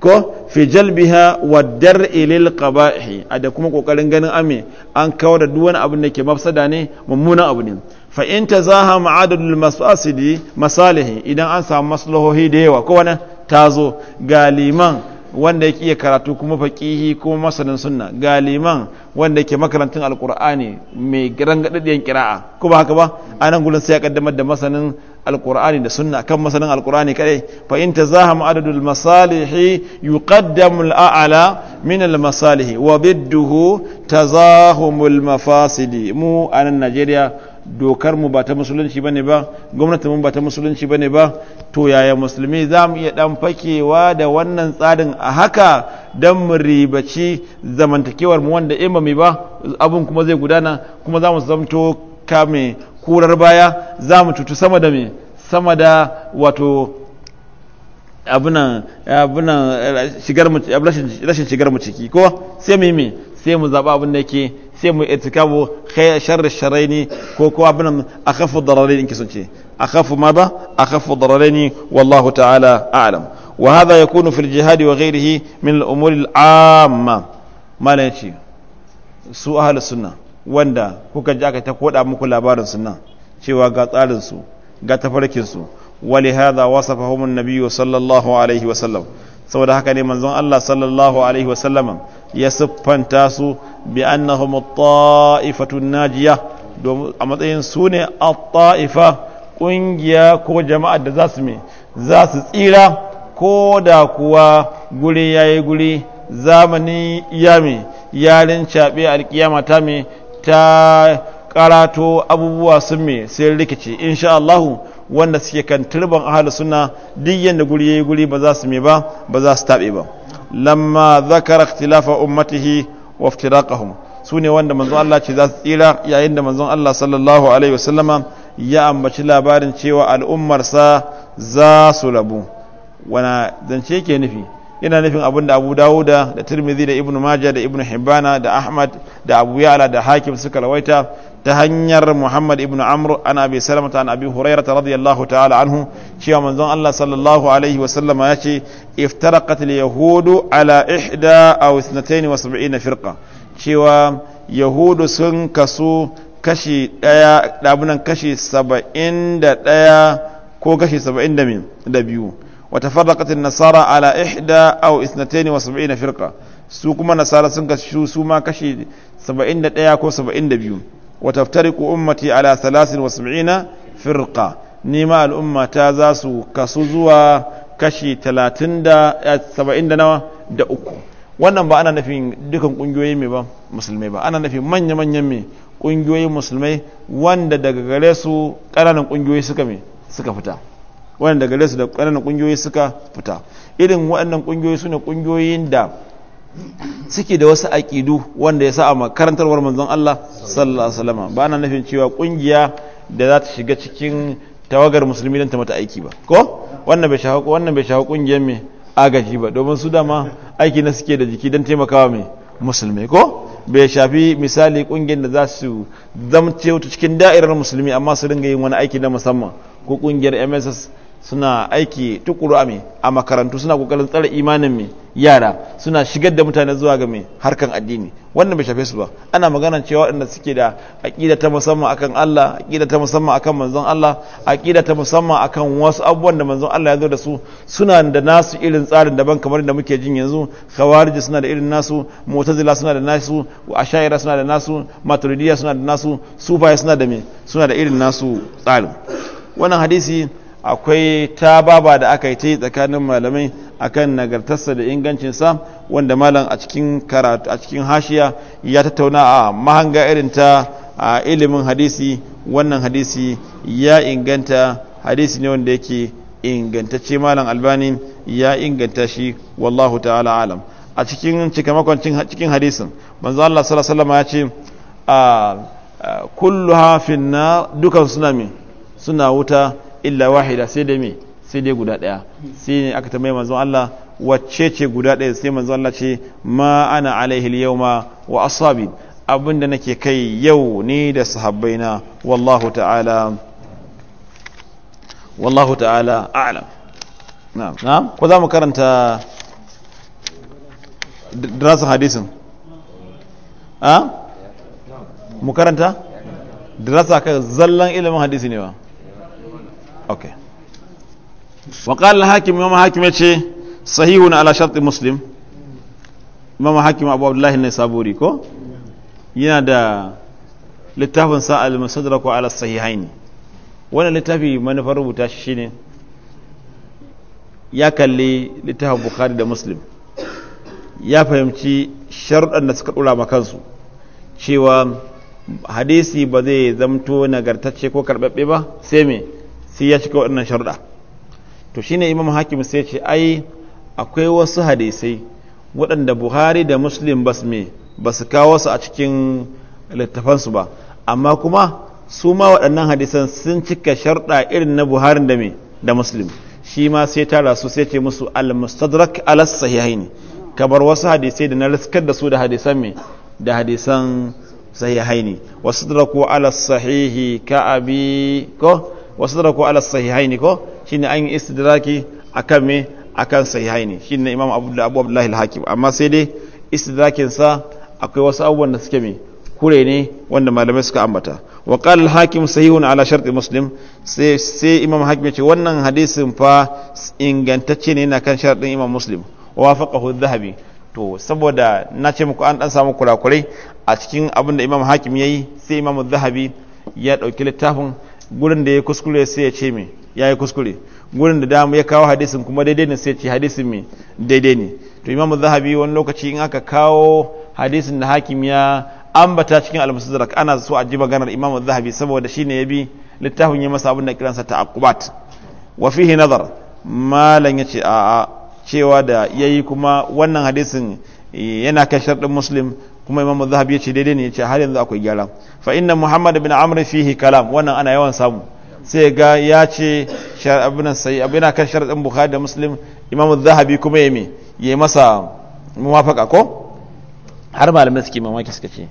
ko fi jalbiha wa dar'i lil qabahi a da kuma kokarin ganin ame an kawar da duk wani abin da ke mafsada ne mummunan abu ne fa in tazahama adadul masasidi masalihi idan an samu maslahohi da yawa ko wani tazo ga liman wanda yake iya karatu kuma faƙihi kuma masanin sunna galiman wanda yake makarantun Alƙur'ani mai rangadadiyan kira'a ko ba haka ba a nan gudun sai ya kaddamar da masanin Alƙur'ani da sunna kan masanin Alƙur'ani kaɗai. fa in tazaham adadul masalihi yuqaddamu ƙaddamul min al masalihi wa bidduhu tazahumul mafasidi mu nan najeriya dokar mu ba ta musulunci bane ba Gwamnati mu ba ta musulunci bane ba to yaya musulmi za mu iya dan fakewa da wannan tsarin a haka dan mu ribaci zamantakewar mu wanda in mai ba abun kuma zai gudana kuma za mu zamto kame kurar baya za mu cutu sama da me sama da wato abunan shigar mu rashin shigar mu ciki ko sai mu yi mai sai mu zaba abin da yake sai mu irtikabu khay sharri sharaini ko ko abin akhafu dararain in kisan ce akhafu madha akhafu dararain wallahu ta'ala a'lam wa hadha yakunu fil jihad wa ghayrihi min al umur al amma su ahli sunna wanda kuka ji aka ta koda muku labarin sunna cewa ga tsarin su ga tafarkin su ولهذا وصفهم النبي sallallahu alaihi wa sallam. saboda haka ne manzon Allah sallallahu alaihi wasallam ya siffanta su bi annahum at-ta'ifatun najiya domin a matsayin su ne at-ta'ifa kungiya ko jama'a da za su me za su tsira ko da kuwa guri yayi guri zamani ya me yarin caɓe alkiyama ta me ta karato abubuwa sun me sai rikici insha Allahu wanda suke kan turban ahal suna duk yadda guri yi guri ba za su me ba ba za su taɓe ba lamma zakara ikhtilafa ummatihi wa iftiraqahum su ne wanda manzon Allah ce za su tsira yayin da manzon Allah sallallahu alaihi wasallama ya ambaci labarin cewa al'ummarsa za su rabu wana zance ke nufi yana nufin abin da abu dawuda da tirmidhi da ibnu maja da ibnu hibbana da ahmad da abu ya'la da hakim suka rawaita ta hanyar muhammad ibnu amr an abi salamata an abi hurairah radiyallahu ta'ala anhu cewa manzon allah sallallahu alaihi wa sallam ya ce iftaraqat al yahudu ala ihda aw 72 firqa cewa yahudu sun kasu kashi daya dabunan kashi 71 ko kashi 72 وتفرقت النصارى على إحدى أو إثنتين وسبعين فرقة سوكما نصارى سنك سوما كشي سبعين دقيقة سبعين دبيو وتفترق أمتي على ثلاث وسبعين فرقة نما الأمة تازاسو كسوزوا كشي تلاتين دا سبعين دنوا da uku. wannan ba ana nufin dukan kungiyoyi mai ba musulmai ba ana nufin manya-manyan mai kungiyoyin musulmai wanda daga gare su ƙananan kungiyoyi suka mai suka fita waɗanda gare su da ƙananan ƙungiyoyi suka fita irin waɗannan ƙungiyoyi su ne ƙungiyoyin da suke da wasu aƙidu wanda ya sa a makarantarwar manzon Allah sallallahu alaihi wasallam ba na nufin cewa ƙungiya da za ta shiga cikin tawagar musulmi don ta mata aiki ba ko wannan bai shafa wannan bai ƙungiyar me agaji ba domin su dama aiki na suke da jiki don taimakawa me musulmi ko bai shafi misali ƙungiyar da za su zamce cikin da'irar musulmi amma su ringa yin wani aiki na musamman ko ƙungiyar MSS suna aiki tukuru a a makarantu suna kokarin tsara imanin mai yara suna shigar da mutane zuwa ga mai harkan addini wannan bai shafe su ba ana magana cewa waɗanda suke da aƙida ta musamman akan Allah aƙida ta musamman akan manzon Allah aƙida ta musamman akan wasu abubuwan da manzon Allah ya zo da su suna da nasu irin tsarin daban kamar da muke jin yanzu khawarij suna da irin nasu mu'tazila suna da nasu asha'ira suna da nasu maturidiyya suna da nasu sufaye suna da me suna da irin nasu tsarin wannan hadisi akwai ta baba da aka yi ta yi tsakanin malamai akan nagartarsa da ingancinsa wanda malam a cikin karatu a cikin hashiya ya tattauna a mahanga irin ta a ilimin hadisi wannan hadisi ya inganta hadisi ne wanda yake ingantacce malam albani ya inganta shi wallahu ta'ala alam a cikin cikamakon cikin hadisin manzo Allah sallallahu ya ce a kulluha finna dukan suna suna wuta illa wahida sai dai me sai dai guda daya sai ne aka tambaye manzon Allah wacce ce guda daya sai manzon Allah ce ma ana alaihi yawma wa ashabi abinda nake kai yau ni da sahabbaina wallahu ta'ala wallahu ta'ala a'lam na'am na'am ko za mu karanta darasin hadisin a ah? mu karanta darasa ka zallan ilimin hadisi ne ba okay wa qala al-hakim imam hakim ce sahihu na shart muslim imam hakim abu abdullahi na saburi ko yana da littafin sa al ko ala sahihaini wannan littafi manufar rubuta shi ne ya kalli littafin bukhari da muslim ya fahimci sharuɗan da suka ɗura ma kansu cewa hadisi ba zai zamto nagartacce ko karɓaɓɓe ba sai me sai ya cika waɗannan sharuɗa to shine imam hakim sai ce ai akwai wasu hadisai waɗanda buhari da muslim ba su ba su kawo su a cikin littafansu ba amma kuma su ma waɗannan hadisan sun cika sharɗa irin na buhari da me da muslim shi ma sai tara su sai ce musu al-mustadrak al sahihaini wasu hadisai da na riskar da su da hadisan me da hadisan sahihaini wasu ala sahihi ka abi ko wasu da ko alas sahihaini ko ne an yi istidraki akan me akan sahihaini ne imam abu amma sai dai istidrakin sa akwai wasu abubuwan da suke me kure ne wanda malamai suka ambata wa qala hakim sahihun ala shart muslim sai imam hakim ce wannan hadisin fa ingantacce ne na kan sharadin imam muslim wa hudu dhahabi to saboda na ce muku an dan samu kurakurai a cikin abin da imam hakim ya yi sai imam zahabi ya ɗauki littafin gurin da ya kuskure sai ya ce me ya yi kuskure gurin da damu ya kawo hadisin kuma daidai ne sai ce hadisin me daidai ne to imamu zahabi wani lokaci in aka kawo hadisin da hakim ya ambata cikin al-mustadrak ana so a ji maganar imamu zahabi saboda shi ne ya bi littafin ya masa abin da kiransa ta'aqqubat wa fihi nazar malan yace a cewa da yayi kuma wannan hadisin yana kai sharɗin muslim kuma imam zahabi ya ce daidai ne ya ce har yanzu akwai gyara fa inna muhammad bin amr fihi kalam wannan ana yawan samu sai ga ya ce abin sai abin kan sharadin bukhari da muslim imam zahabi kuma ya yayi masa muwafaka ko har malamai suke mamaki suka ce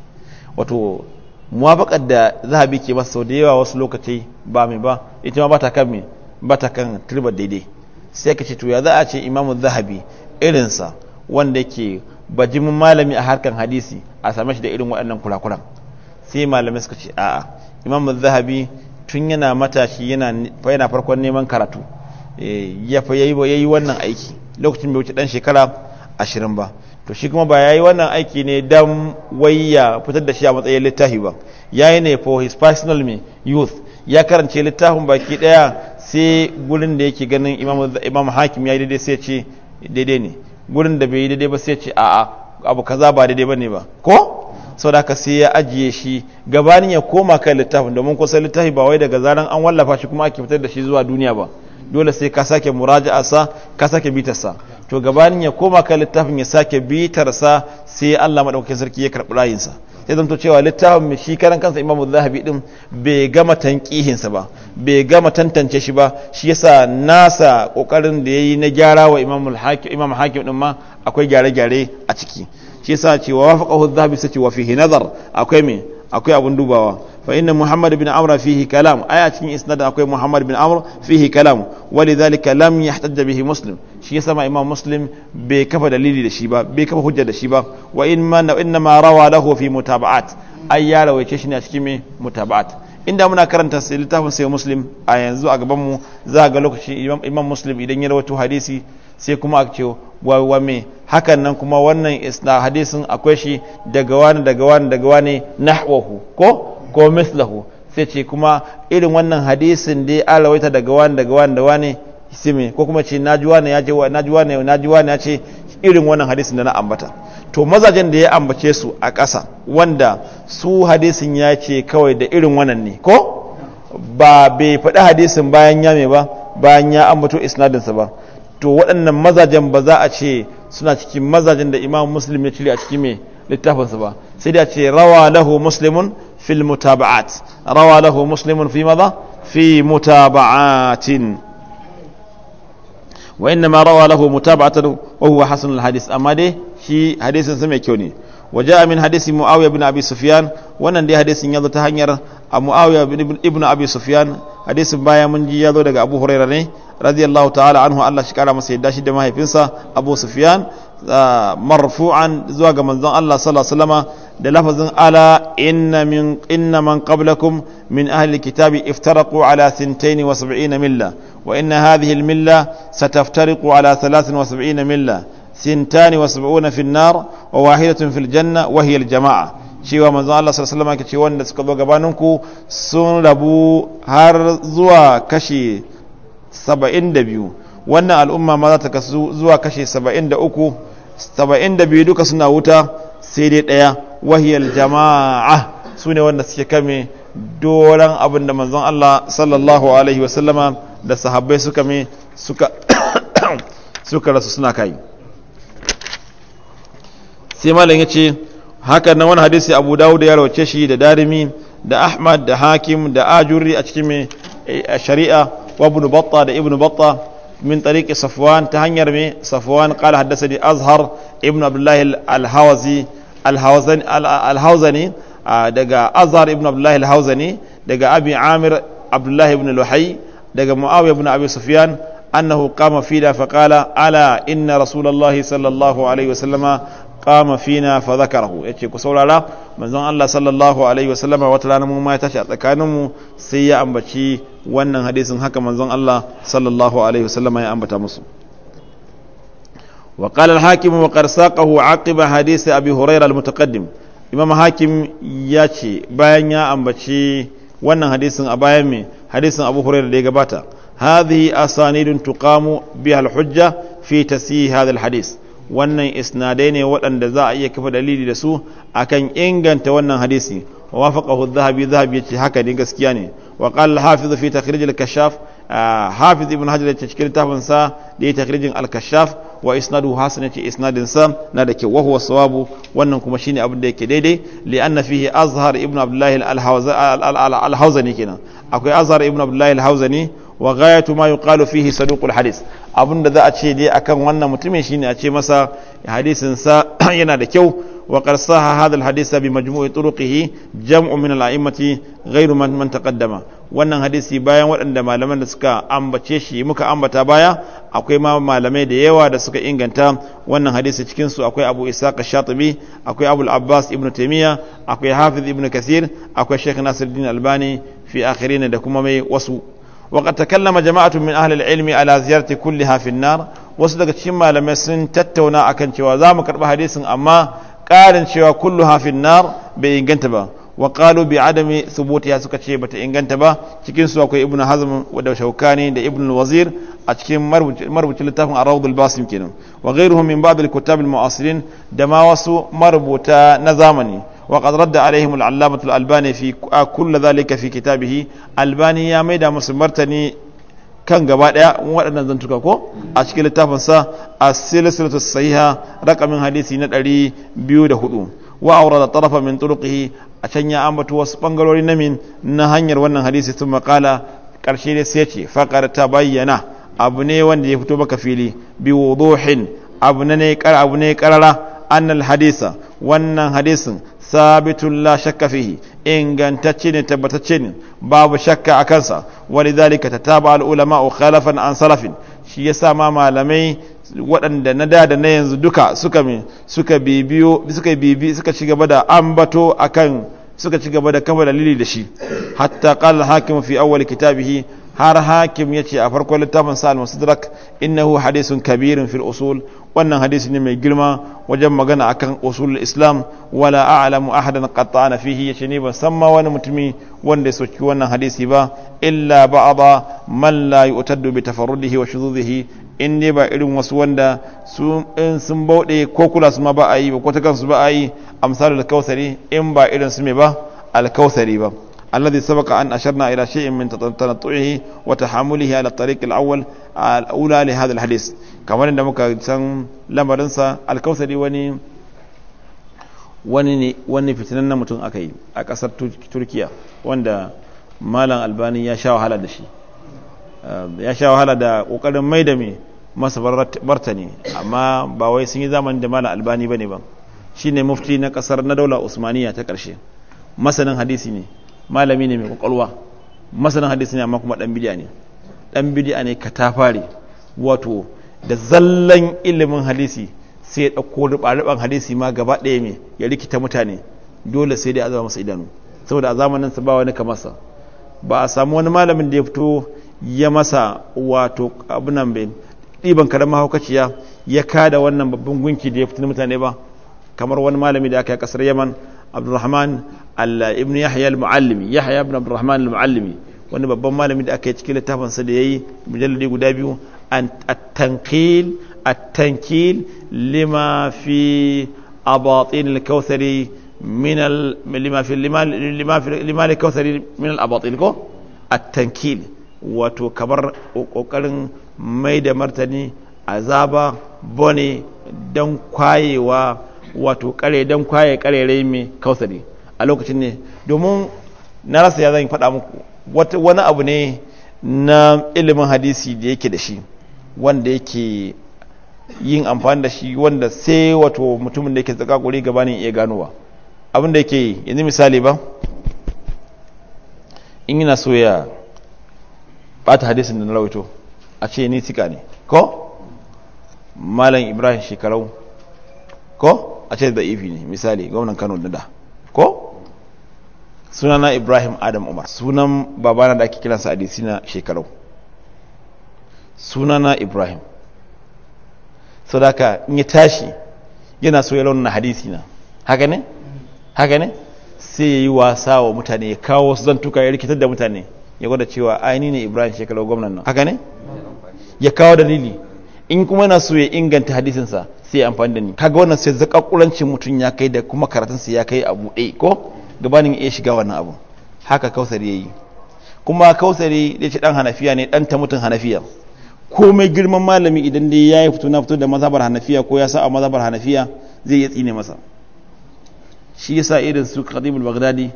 wato muwafakar da zahabi ke masa sau da yawa wasu lokaci ba mai ba ita ma ba ta kan me ba ta kan turbar daidai sai ka ce to ya za a ce imam zahabi irinsa wanda ke. ba ji mun malami a harkan hadisi a same shi da irin waɗannan kurakuran sai malamai suka ce a'a imam zahabi tun yana matashi yana farkon neman karatu eh, ya fa yayi wannan aiki lokacin bai wuce dan shekara ashirin ba to shi kuma ba ya yi wannan aiki ne dan wayya fitar da shi a matsayin littafi ba yayi ne for his personal me youth ya karance littafin baki ɗaya sai gurin da yake ganin imam hakim ya daidai sai ce daidai ne gurin da bai yi daidai ba sai ce a'a abu kaza ba daidai ba ne ba ko sau da sai ya ajiye shi gabanin ya koma kan littafin domin kusa littafi ba wai daga zaran an wallafa shi kuma ake fitar da shi zuwa duniya ba dole sai ka sake sa ka sake bitarsa to gabanin ya koma kan littafin ya sake bitarsa sai Allah madaukakin sarki ya karɓi rayinsa sai zanto cewa littafin shi karan kansa imamu zahabi din bai gama tankihinsa ba bai gama tantance shi ba shi yasa nasa kokarin da ya yi na gyara wa imamu hakim din ma akwai gyare-gyare a ciki shi yasa cewa wafaqahu zahabi sai wa fi nazar akwai me akwai abun dubawa fa inna muhammad bin amr fihi kalam aya cikin isnad akwai muhammad bin amr fihi kalam walidhalika lam yahtajja bihi muslim shi ya sama imam muslim bai kafa dalili da shi ba bai kafa hujja da shi ba wa in ma na inna ma rawa lahu fi mutaba'at ai ya rawaice shi ne a cikin me mutaba'at inda muna karanta sai littafin sai muslim a yanzu a gaban mu za ga lokacin imam muslim idan ya rawaito hadisi sai kuma a ce wa wa hakan nan kuma wannan isna hadisin akwai shi daga wani daga wani daga wani nahwahu ko ko mislahu sai ce kuma irin wannan hadisin dai alawaita daga wani daga wani da wani isimi ko kuma ce najuwa ne ya najuwa ne najuwa ne ya ce irin wannan hadisin da na ambata to mazajen da ya ambace su a ƙasa wanda su hadisin ya ce kawai da irin wannan ne ko ba bai faɗi hadisin bayan ya me ba bayan ya ambato isnadinsa ba to waɗannan mazajen ba za a ce suna cikin mazajen da imam muslim ya cire a cikin mai littafinsa ba sai da ce rawa lahu muslimun fil mutaba'at rawa lahu muslimun fi maza fi mutaba'atin wa inna ma rawa lahu mutaba'atan wa huwa hasanul hadis amma dai shi hadisin sa mai kyau ne wa ja'a min hadisi muawiya ibn abi sufyan wannan dai hadisin ya zo ta hanyar muawiya ibn abi sufyan hadisin baya mun ji yazo daga abu huraira ne radiyallahu ta'ala anhu Allah shi kara masa yadda shi da mahaifinsa abu sufyan marfu'an zuwa ga manzon Allah sallallahu alaihi wasallama da lafazin ala inna min inna man qablakum min ahli kitabi iftaraqu ala 72 milla وإن هذه الملة ستفترق على 73 ملة سنتان وسبعون في النار وواحدة في الجنة وهي الجماعة cewa manzon Allah sallallahu alaihi wasallam ce wanda su zo gabanin sun rabu har zuwa kashe 72 wannan al'umma ma za ta kasu zuwa kashe 73 72 duka suna wuta sai dai daya wahiyal jama'a sune wanda suke kame doran abin da manzon Allah sallallahu alaihi wasallama da sahabbai suka me suka rasu suna kai sai malam ya ce haka nan wani hadisi abu dawud ya rawace shi da darimi da ahmad da hakim da ajuri a cikin eh, shari'a wa ibn batta da ibn batta min tariqi safwan ta hanyar mai safwan qala haddathani azhar ibn Abdullahi al-hawazi daga azhar ibn abdullahi al-hawzani daga abi amir abdullahi ibn luhai daga muawiya ibn abi sufyan annahu qama fina fa ala inna rasulullahi sallallahu alaihi wasallama qama fina fa dhakarahu yace ku saurara manzon Allah sallallahu alaihi wasallama wata rana ma ya tashi a tsakanin mu sai ya ambaci wannan hadisin haka manzon Allah sallallahu alaihi wasallama ya ambata musu وقال الحاكم وقد ساقه عقب حديث huraira هريره المتقدم imam hakim ya ce bayan ya ambaci wannan hadisin a bayan mai hadisin abu hurairu da ya gabata hadhihi asanidun tuqamu biha alhujja fi tasih hadha hadis wannan isnadai ne waɗanda za a iya kafa dalili da su akan inganta wannan hadisi وافقه الذهبي ذهبي هكذا غسكياني وقال الحافظ في hafiz الكشاف حافظ cikin حجر da تفنسا لتخريج الكشاف wa isnadu hasan yace isnadin sa na da kyau wa huwa sawabu wannan kuma shine abin da yake daidai li anna fihi azhar ibn abdullah al-hawzani kenan akwai azhar ibn abdullah al-hawzani wa ghayatu ma yuqalu fihi saduq hadis hadith abin da za a ce dai akan wannan mutumin shine a ce masa hadisin sa yana da kyau وقد صح هذا الحديث بمجموع طرقه جمع من الأئمة غير من, من تقدم wannan hadisi bayan waɗanda malaman da suka ambace shi muka ambata baya akwai ma malamai da yawa da suka inganta wannan hadisi cikin su akwai Abu Isaq Shatibi akwai Abu Abbas Ibn Taymiya akwai Hafiz Ibn Kathir akwai Sheikh Nasiruddin Albani fi akhirin da kuma mai wasu وقد تكلم جماعة من أهل العلم على زيارة كلها في النار wasu daga cikin malamai sun tattauna akan cewa za mu karɓi hadisin amma ƙarin cewa kullu hafin nar bai inganta ba wa qalu bi adami thubutiha suka ce bata inganta ba cikin su akwai ibnu hazm da shaukani da ibnu wazir a cikin marubucin littafin ar-rawd al-basim kenan wa ghayruhum min ba'd al-kuttab al-mu'asirin da ma wasu marubuta na zamani wa qad radda alaihim al-allamah al-albani fi kull dhalika fi kitabihi albani ya maida musu martani kan gaba daya waɗannan zantuka ko a cikin littafinsa a silsilatu sahiha rakamin hadisi na 204 wa aurada tarafa min turqihi a can ya ambata wasu bangarori na min na hanyar wannan hadisi sun makala karshe dai sai ce ta bayyana abu ne wanda ya fito baka fili bi wuduhin abu ne kar abu ne karara annal hadisa wannan hadisin sabitun la shakka fihi ingantacce ne tabbatacce ne babu shakka a kansa wani zalika ta taba al'ulama a khalafan an salafin shi ya sa ma malamai waɗanda na da da na yanzu duka suka suka bibiyo suka bibi suka ci gaba da ambato akan suka ci gaba da kafa dalili da shi hatta qala hakim fi awwal kitabihi har hakim yace a farkon littafin sa al-mustadrak innahu hadithun kabirun fil usul wannan hadisi ne mai girma wajen magana akan usul islam wala a'lamu ahadan qatta'ana fihi yace ne ban san ma wani mutumi wanda ya soki wannan hadisi ba illa ba'da man la yu'taddu bi tafarrudihi wa shuzuzihi in ne ba irin wasu wanda su in sun bauɗe ko kula su ma ba a yi ba ko ta kansu ba a yi a amsal alkausari in ba irin su me ba alkausari ba alladhi sabaqa an asharna ila shay'in min tatanatuhi wa tahamulihi ala tariq al-awwal al-awla li hadha al-hadith kamar da muka san lamarin sa alkausari wani wani ne wani fitinan na mutum aka yi a kasar turkiya wanda malam albani ya sha wahala da shi ya sha wahala da kokarin mai da masa martani amma ba wai sun yi zamanin da malam albani bane ba shine mufti na kasar na daula usmaniya ta karshe masanin hadisi ne malami ne mai kwakwalwa masanin hadisi ne amma kuma dan bidiya ne dan bidiya ne katafare wato da zallan ilimin hadisi sai ya dauko ruba hadisi ma gaba ɗaya mai ya rikita mutane dole sai dai azaba masa idanu saboda a zamanin sa ba wani ka masa ba a samu wani malamin da ya fito ya masa wato abunan bai ɗiban karamar haukaciya ya kada wannan babban gunki da ya fitin mutane ba kamar wani malami da aka yi kasar yaman abdurrahman ibn yahya al-muallimi yahya ibn abdurrahman al-muallimi wani babban malami da aka yi cikin littafinsa da ya yi mujalladi guda biyu at tankil at-tankil lima fi abatin al-kawthari min lima fi lima al-kawthari min al-abatin ko at-tankil wato kamar kokarin mai da martani azaba bone don kwayewa wato kare don kwaye kare rai mai kausari a lokacin ne domin na rasa ya zan faɗa muku wani abu ne na ilimin hadisi da yake da shi wanda yake yin amfani da shi wanda sai wato mutumin da yake tsaka guri gabanin iya ganowa abinda yake yanzu misali ba in yana so ya ɓata hadisin da na rawaito a ce ni sika ne ko malam ibrahim shekarau ko a ce da ifi ne misali gwamnan kano na da ko sunana ibrahim adam umar sunan babana da ake kiransa adisina shekarau sunana ibrahim sadaka in ya tashi yana so ya launa haka ne haka ne sai ya yi wasa wa mutane ya kawo su zantuka ya rikitar da mutane ya gwada cewa aini ne ibrahim shekarar gwamnan nan haka ne ya kawo dalili in kuma yana so ya inganta hadisinsa sai ya amfani da ni kaga wannan sai zakakulancin mutum ya kai da kuma karatunsa ya kai a buɗe ko gabanin iya shiga wannan abu haka kausari ya yi kuma kausari ya ce dan hanafiya ne dan ta mutum hanafiya komai girman malami idan dai ya yi fito na fito da mazhabar hanafiya ko ya sa a mazhabar hanafiya zai iya tsine masa shi yasa irin su kadibul bagdadi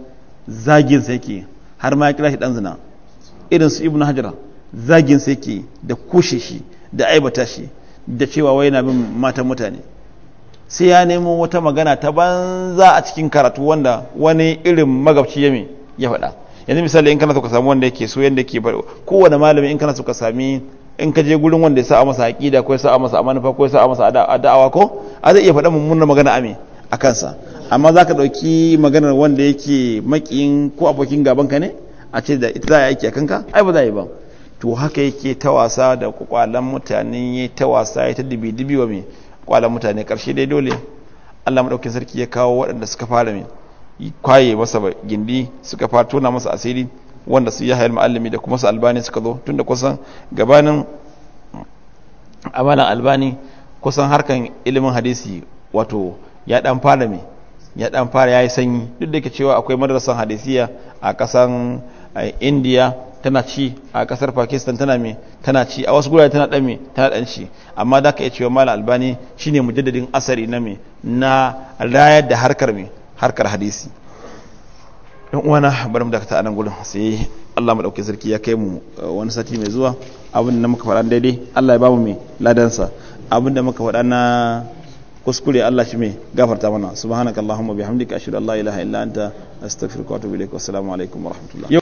zagin sa yake har ma ya kira shi dan zina irin su ibn hajjara zagin sa yake da kushe shi da aibata shi da cewa wai na bin matan mutane sai ya nemo wata magana ta banza a cikin karatu wanda wani irin magabci ya ya faɗa yanzu misali in kana so ka samu wanda yake so yanda bari kowane malami in kana so ka sami in ka je gurin wanda ya sa masa aqida ko ya sa masa amanufa ko ya sa masa da'awa ko a zai iya faɗa mummunar magana ame a kansa amma za ka ɗauki maganar wanda yake makiyin ko abokin gaban ka ne a ce da ita za a aiki a kanka ai ba za yi ba to haka yake ta wasa da kwalan mutane ya ta wasa ya ta dibi-dibi wa mai kwalan mutane karshe dai dole allah maɗaukin sarki ya kawo waɗanda suka fara mai kwaye masa gindi suka fara tona masa asiri wanda su ya hayar ma'allami da kuma su albani suka zo tun da kusan gabanin amalan albani kusan harkan ilimin hadisi wato ya dan fara mai ya dan fara ya yi sanyi duk da ke cewa akwai madrasan hadisiya a kasan a india tana ci a kasar pakistan tana me tana ci a wasu gurare tana dan me tana dan ci amma da ka iya cewa malam albani shine mujaddadin asari na me na rayar da harkar me harkar hadisi dan uwana bari mu dakata anan gudun sai Allah mu dauke sarki ya kai mu eh, wani sati mai zuwa abin da muka faɗa daidai Allah ya ba mu me ladansa abin da muka faɗa na kuskure Allah shi mai gafarta mana subhanakallahumma bihamdika ashhadu an la ilaha illa anta astaghfiruka wa atubu ilaik assalamu alaikum wa rahmatullah